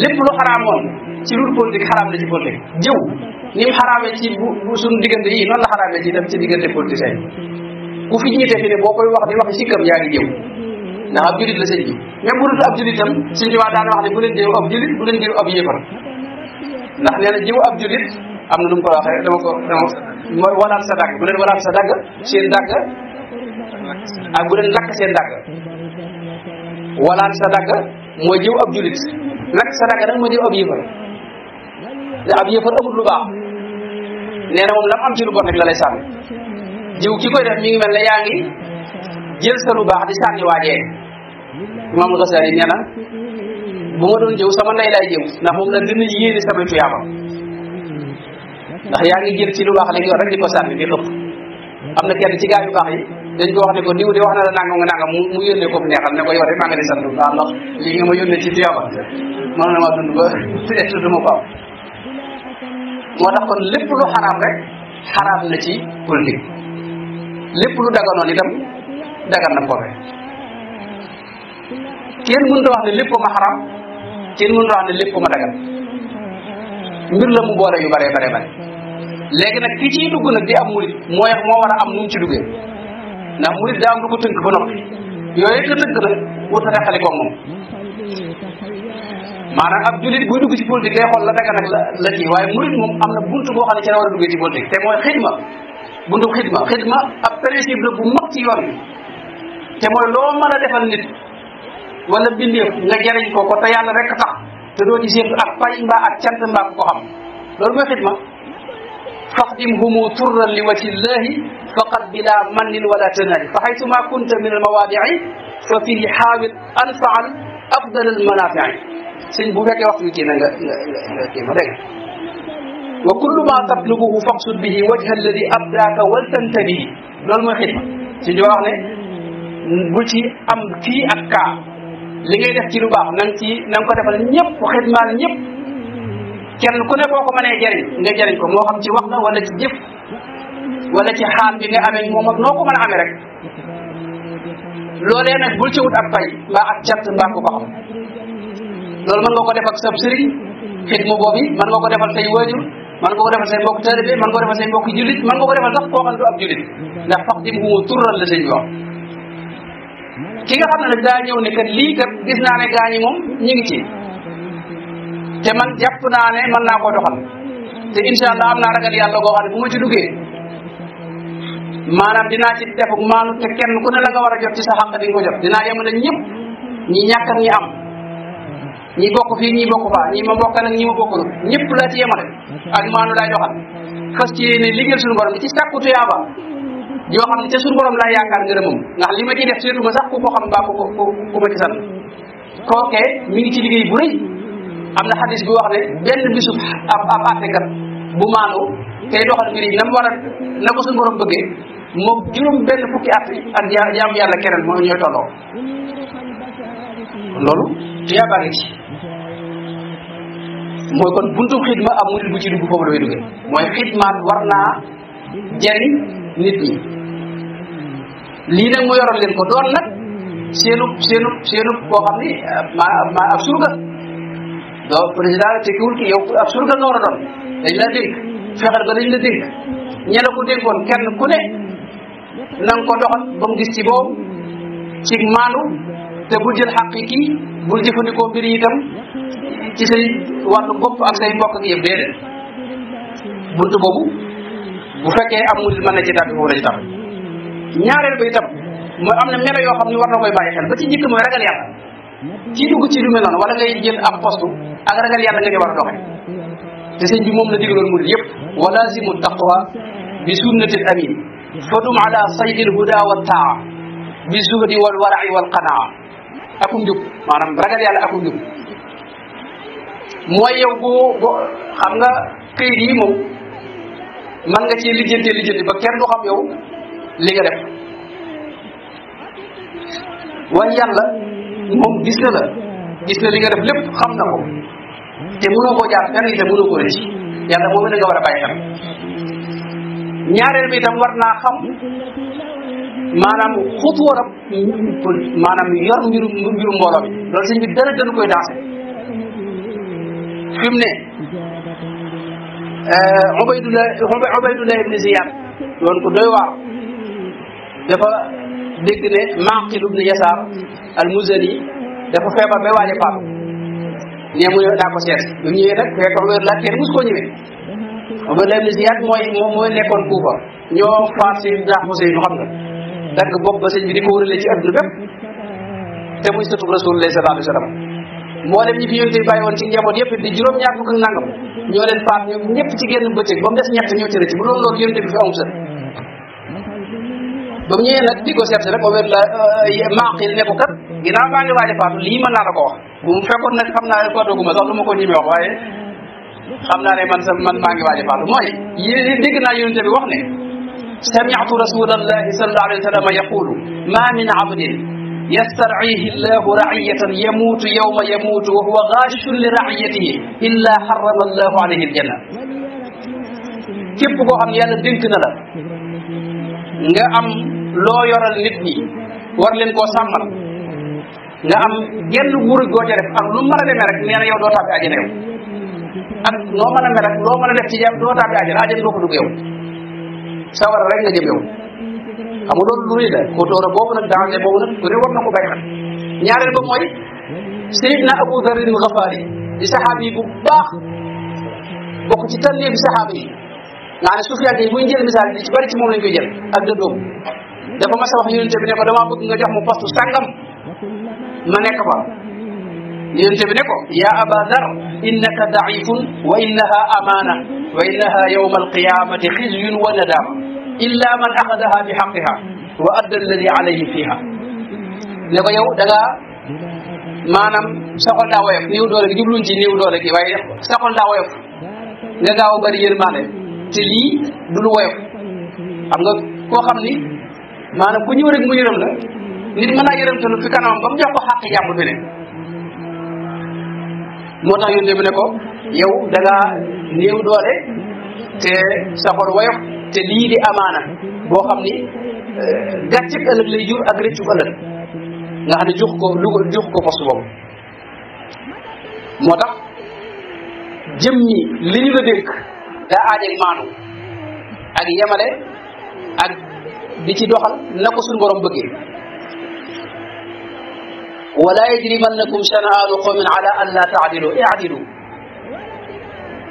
lépp lu xaraamoon ci lu politique xaraam na ci politique jëw ni mu xaraamee ci bu bu suñu diggante yi noonu la xaraamee ci def ci diggante politicien ku fi jiite fi ne boo koy wax di wax sikkam yaa ngi jëw ndax ab julit la sëñ bi même bu dul ab julit tam sëñ bi daana wax ne bu leen jiw ab julit bu leen jiw ab yéefar ndax nee na ab julit am na nu mu ko waxee dama ko sa dàgg bu sa dàgg seen dàgg ak bu leen lakk seen dàgg sa dàgg mooy jiw ab julit lakk sa dàgg nag mooy jiw ab yéefar te ab yéefar amul lu baax nee na moom lam am ci lu bon rek la lay sànni jiw ki koy def mi ngi mel ne yaa ngi jël sa lu baax di sànni waajee Imaamul Gasaali nee na bu ma doon jëw sama ndey laay jëw ndax moom la gën a yéene samay tuyaaba ndax yaa ngi jël ci lu wax li nga yor rek di ko sànni di lëpp am na kenn ci gaa yu baax yi dañ ko wax ne ko diw de wax na la nangam nga nangam mu yónnee ko mu neexal ne ko yow de maa ngi di sant waaw ndax lii nga ma yónnee ci tuyaaba mën na maa dund ba tuddee ma ko am moo tax kon lépp lu xaraam rek xaraam na ci politique lépp lu daganoon itam dagan na ko kenn mënut wax ne lépp ma xaram kenn mënut wax ne lépp ma dagal mbir la mu boole yu bare bare bare léegi nag ki ciy dugg nag di am murit mooy moo war a am nu mu ci duggee ndax murit daa am lu tënk ba noppi yooyu ka tënk nag wut na xale koog moom maanaam ab julit buy dugg ci politique day xool la daga nag la la kii waaye murit moom am na bunt boo xam ne ci la war a duggee ci politique te mooy xidma buntu xidma xidma ab principe la bu mag ci yoon bi te mooy loo mën a defal nit wala bindeef nga jariñ ko ko te yàlla rek tax te doo ci séentu ak pay mbaa ak cant mbaa ko ko xam loolu mooy xidma فاخدمهم سرا لوجه الله فقد بلا من ولا تنال فحيثما كنت من المواضع ففيه حاول ان فعل افضل المنافع سن بو فكي وقت كي نغا كيما دغ وكل ما تطلبه فاقصد به وجه الذي ابداك ولتنتبه لول ما خدمه سن جو واخ ne bu ci am kii ak kaa li ngay def ci lu baax na nga ci na nga ko defal ñëpp xidmaal ñëpp kenn ku ne boo ko ne jëriñ nga jëriñ ko moo xam ci wax la wala ci jëf wala ci xaal bi nga amee moom ak noo ko mën a amee rek loolee nag bul ci wut ak fay mbaa ak cat mbaa ko baxam loolu mën nga ko def ak sab sëriñ xidma nga ko defal say waajur mën nga ko defal say mbokk taalibe mën nga ko defal say mbokk jullit mën nga ko defal sax koo xam du ab jullit ndax fax dim bu la sëñ ki nga xam ne nag daa ñëw ne kat lii kat gis naa ne gaa moom ñu ngi ci te man jàpp naa ne man naa ko doxal te incha allah am naa ragal yàlla goo xam bu ma ci duggee maanaam dinaa ci def ak maanu te kenn ku ne la nga war a jot ci sa xàq di nga ko jot dinaa yemale ñëpp ñi ñàkk ñi am ñi bokk fii ñi bokk faa ñi ma bokk nag ñi ma bokkul ñëpp laa ci yemale ak maanu laay doxal fas ci yéene liggéeyal suñu borom di ci sàkku tuyaaba yo xam ci ca suñu borom laa yaakaar ngërëmam ndax li ma ciy def seetuma sax ku ko xam ba ko ko ko ma ci sant kookee mi ngi ci liggey bu reuy amna hadith xadis bi wax ne benn bisub ab ab kat bu maanu tey doxal ngir yi na mu war na ko suñu borom bëggee mo juroom benn fukki at ak yaam yàlla keneen mo ñoy tolo lolu ya bari ci moy kon buntu xidma ab murid bu ci dugg fofu lay way moy mooy warna war nit ñi lii nag mu yoroon leen ko doon nag seenu seenu seenu koo xam ni ma ma ab surga doo président tekkiwul ki yow ab surga nga war a doon dañ la dénk fexeel ba dañ la dénk ñe la ko dénkoon kenn ku ne na nga ko doxal ba mu gis ci boobu ci maandu te bul jël xàq yi kii bul jëfandikoo mbir yi itam ci say wàllu bopp ak say mbokk ak yëpp déedéet buntu boobu bu fekkee am murid mën na ci tàbbi foofu la ci tax ñaareelu ba itam mooy am na mero yoo xam ni war na koy bàyyi xel ba ci njëkk mooy ragal yàlla ci dugg ci lu mel noonu wala ngay jël ab poste ak ragal yàlla nga ci war a doxee te sëñ bi moom la digaloon murid yëpp wa lazimu taqwa bi sunnatil amin fadum ala saydil huda wa taa bi zuhdi wal warai wal qanaa akum njub maanaam ragal yàlla akum njub mooy yow boo xam nga këyit yi moom mën nga ci lijjanti lijjanti ba kenn du xam yow li nga def waaye yàlla moom gis na la gis na li nga def lépp xam na ko te mënoo koo jaar fenn itam mënoo koo rëcc yàlla moom la nga war a bàyyi xel ñaareel bi itam war naa xam maanaam xutu waram maanaam yor mbiru mbiru mbooloo bi loolu sëñ bi dara gënu koy dansé fi mu ne eh, Ubaydullah Ubaydullah ibn Ziyad doon ko doy waar dafa dégg ne Maqil ibn Yasaar al-Muzani dafa feebar ba waaj a faatu mu ñëw daa ko seet bi mu ñëwee nag fekk Ubayr la kenn mos koo ñëwee Ubayr la ibn Ziyaad mooy moom nekkoon Kuufa ñoo faat si ndax Huseyn xam nga dagg bopp ba sëñ bi di ko wërale ci adduna bépp te muy sëtub Rasulullah sallallahu alayhi wa sallam leen faat ñëpp ci génn bëccëg ba mu des ñett ñoo ci rëcc bu doon loolu yonte bi fi amul sën ba mu ñëwee nag di ko seet si rek over la maaqil ne ko kat ginnaaw maa ngi waaj a faatu lii mën naa la ko wax bu mu fekkoon nag xam naa ne faatooguma sax lu ma ko ñime wax waaye xam naa ne man sa man maa ngi waaj a faatu mooy yéen dégg naa yonente bi wax ne sami'tu rasulallahi sallallahu alayhi wa sallam yaqulu ma min abdin يسترعيه الله رعية يموت يوم يموت وهو غاش لرعيته إلا حرم الله عليه الجنة képp koo xam yàlla dénk na la nga am loo yoral nit ñi war leen koo sàmmal nga am genn wuruj goo ca def ak lu mën a demee rek nee na yow doo tàbbi àjjana yow ak noo mën a mel rek loo mën a def ci jàmm doo tàbbi àjjana àjjana doo ko dugg yow rek nga jëm yow xam nga loolu lu rëy la ko tóora boobu nag danger boobu na ko bay xel ñaareel ba mooy Seydina Abu Dharr al-Ghafari di saxaabi yi bu baax bokk ci tànnee bi saxaaba yi nga xam ne sufiyaat yi buñ jël misaal bi ci bari ci moom lañ koy jël ak dëddoom dafa mas a wax yonente bi ne ko damaa bëgg nga jox mu poste sàngam ma nekk fa yonente ne ko ya aba dar innaka daifun wa innaha amaana wa innaha yawma alqiyamati xizyun wa nadama man axadaha bi xaqiha wa adda alladi alayhi fiha ne ko yow da ngaa maanaam saxol daa woyof néew doole gi jubluñ ci néew doole gi waaye saxol daa woyof nga gaaw a bëri yërmande te lii du lu woyof xam nga koo xam ni maanaam ku ñëw rek mu yërëm la nit mën naa yërëm tanu fi kanamam ba mu jox ko xàq jàmbur bi ne moo tax yónnee bi ne ko yow da ngaa néew doole te sa xol te lii di amaana boo xam ni euh, gàcceg ëllëg lay jur ak rëccu ëllëg nga xam ne jox ko lu ko jox moo tax jëm ñi li ñu la dénk daa aajal maanu ak yemale ak di ci doxal na ko suñu borom bëggee wala yajrimannakum shana'aanu qawmin ala an la ta'dilu i'dilu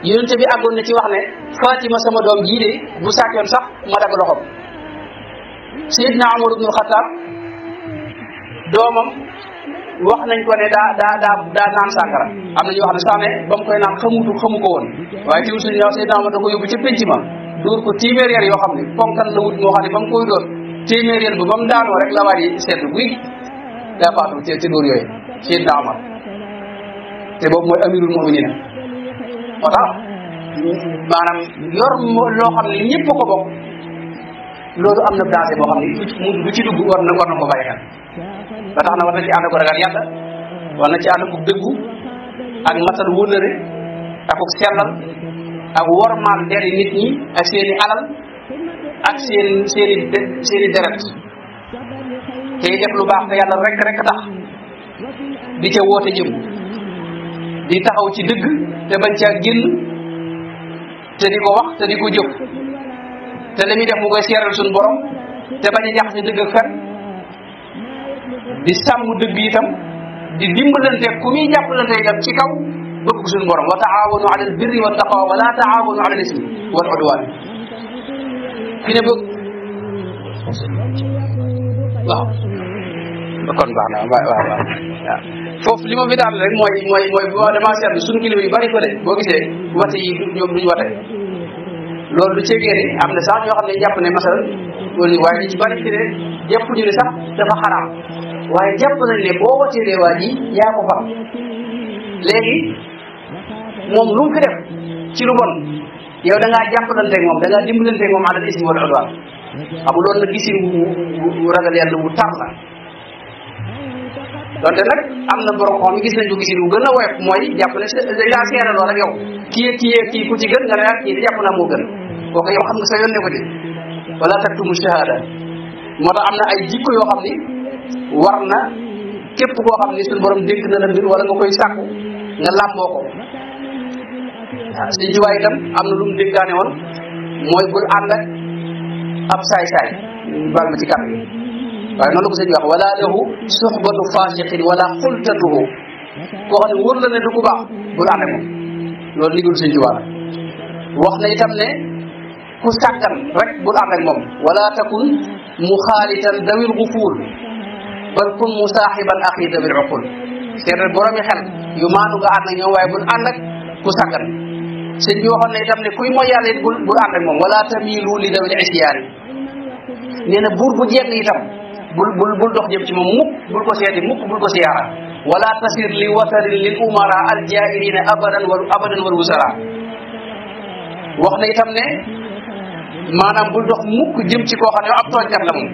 yoonte bi agon na ci wax ne fatima sama doom jii de bu sàkkoon sax ma dag loxom sayyidna umar ibn khattab domam wax nañ ko ne daa daa daa daa naan sàngara am nañu ñoo xam ne sax ne ba mu koy naan xamutu xamu ko woon waaye tiwul suñu ñëw Seydina Omar da ko yoo xam ne ponkal la wut moo xam ne ba mu koy dóor téeméer yar ba ba mu daanoo rek la waaj seetlu guy daa faatu ci ci dóor yooyu Seydina Omar te boobu mooy amirul moo moo tax maanaam yor loo xam ne ñëpp ko bokk loolu am na danger boo xam ne mu lu ci dugg war na war na ko bàyyi ba tax na war na ci ànd ko ragal yàlla war na ci ànd ko dëggu ak matal wóllëre ak ko ak wormaal deri ak seeni alal ak seen seeni lu baax te yàlla rek rek tax di ca woote jëm di taxaw ci dëgg te bañ caa génn te di ko wax te di ko jëf te li muy def mu koy seeral suñu borom te bañ a jaxase dëgg ak fen di sàmm dëgg itam di dimbalante ku muy jàppalante itam ci kaw bëgg ko suñu borom wa taawanu ala al birri wa taqwa wa la taawanu ala al ismi wal udwan fi ne bëgg waaw kon baax na waaw waaw li ma fi daal rek mooy yu bari fële boo gisee wate yi ñoom duñu wate loolu du ci am na sax ñoo xam ne jàpp ne masal loolu waaye li ci bari ci ne jàpp ñu ne sax dafa xaraam waaye jàpp nañ ne boo wateelee waa ji yaa ko fam léegi moom lu mu def ci lu bon yow dangaa ngaa jàppalanteeg moom da ngaa dimbalanteeg moom àlal ismi wal udwaan xam loolu nag gisin wu ragal yàlla wu tar la donte nag am na borom xoom gis nañ ko gisin wu gën a woyof mooy jàpp ne yaa seere lool ak yow kii kii kii ku ci gën nga ne ak ah kii di naa moo gën kooku yow xam nga sa yoon ne ko di wala moo tax am na ay jikko yoo xam ni war na koo xam ni suñu borom dénk na la wala nga koy sàkku nga làmboo ko waaw si jiwaay itam am na lu mu dénkaane woon mooy bul ànd ak ab saay-saay baal ma ci kàddu waaye noonu ko sëñ wax wala lahu suxbatu fasiqin wala xultatuhu koo xam ne wóor la ne du ku baax bul ànd ak moom loolu liggéeyul sëñ Tuubaa wax na itam ne ku sàggan rek bul ànd ak moom wala takun muxaalitan dawil gufuur bal kun musaaxiban axi dawil uqul seetal boromi xel yu maanu nga ànd ak ñoom waaye bul ànd ak ku sàggan sëñ bi waxoon na itam ne kuy mooy yàlla it bul bul ànd ak moom wala tamilu li dawil isyaani nee na buur bu jenn itam bul bul bul dox jëm ci moom mukk bul ko seeti mukk bul ko siyaara wala tasir li wasarin lil umara al jairina abadan wa abadan wal wusara wax na itam ne maanaam bul dox mukk jëm ci koo xam ne ab tooñkat la moom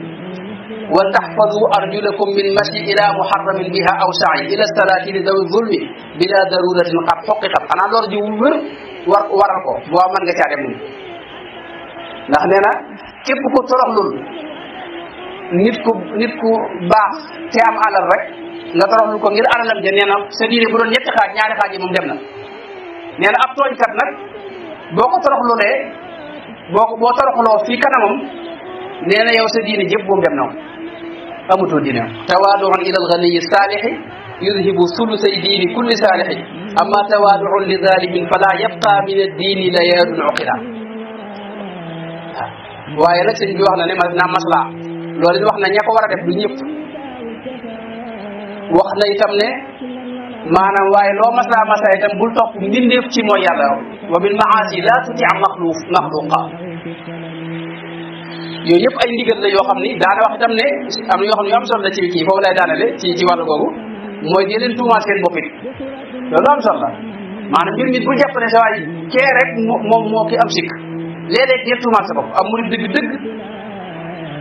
wa taxfadu arjulakum min mashi ila muharramin biha aw sa'i ila salaati li dawi zulmi bila daruratin qad xoqiqat xanaa loolu ji wër war waral ko boo mën nga caa dem moom ndax nee na képp ku toroxlul nit ku nit ku baax te am alal rek nga toroxlu ko ngir alalam ja nee na sa diine bu doon ñetti xaaj ñaari xaaj yi moom dem na nee na ab tooñkat nag boo ko toroxlulee boo ko boo toroxloo fii kanamam nee na yow sa diine jëpp moom dem na woon amutoo diine tawaaduun ila alganiyi saalixi yudhibu sulusay diini kulli saalixi amma tawaaduun li zalimin fala yabqa min addiini layaadun uqila waaye nag sëñ bi wax na ne mas naa maslaa loolu wax na ña ko war a def du ñëpp wax na itam ne maanaam waaye loo masa masa itam bul topp mbindeef ci mooy yàlla wa bil maasi laa tuti am maxluuf maxluqa yooyu yëpp ay ndigal la yoo xam ni daana wax itam ne am na yoo xam ne yu am solo la ci kii foofu lay daanale ci ci wàllu googu mooy di leen tuumaal seen bopp it loolu am solo la maanaam mbir mi bu jàpp ne sa waay kee rek moom moo ki am sikk léeg-léeg ñëpp tuumaal sa am murid dëgg-dëgg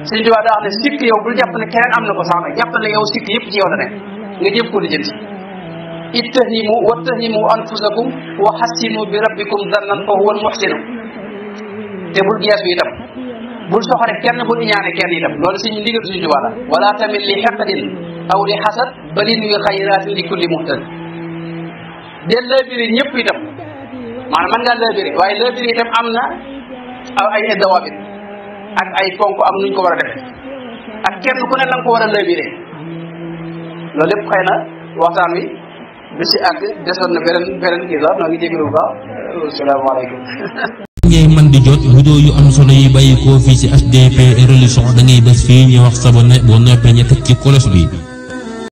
sëñ Tuubaa daa wax ne sikk yow bul jàpp ne keneen am na ko sax jàpp ne yow sikk yëpp ci yow la nekk nga jéem ko lijjanti ittahimu wattahimu anfusakum wa xassinu bi rabbikum dannan fa huwa almuxsinu te bul geesu itam bul soxore kenn bul iñaane kenn itam loolu suñu ndigal suñu Tuubaa la wala tamit li xeqadin aw li xasad balin wi xayratin li kulli muxtad del lëbiri ñëpp itam maanaam mën ngaa lëbiri waaye lëbiri itam am na ay dawaabit ak ay ponk am nuñ ko war a def ak kenn ku ne la ko war a lëbiree loolu lépp xëy na waxtaan wi du si àgg desoon na beneen beneen kii la noo ngi jégalu bu baax asalaamaaleykum euh, ngay man di jot vidéo yu am solo yi bàyyi koo fii ci HDP religion da ngay bés fii ñu wax sabonné boo noppee ñu ci cloche bi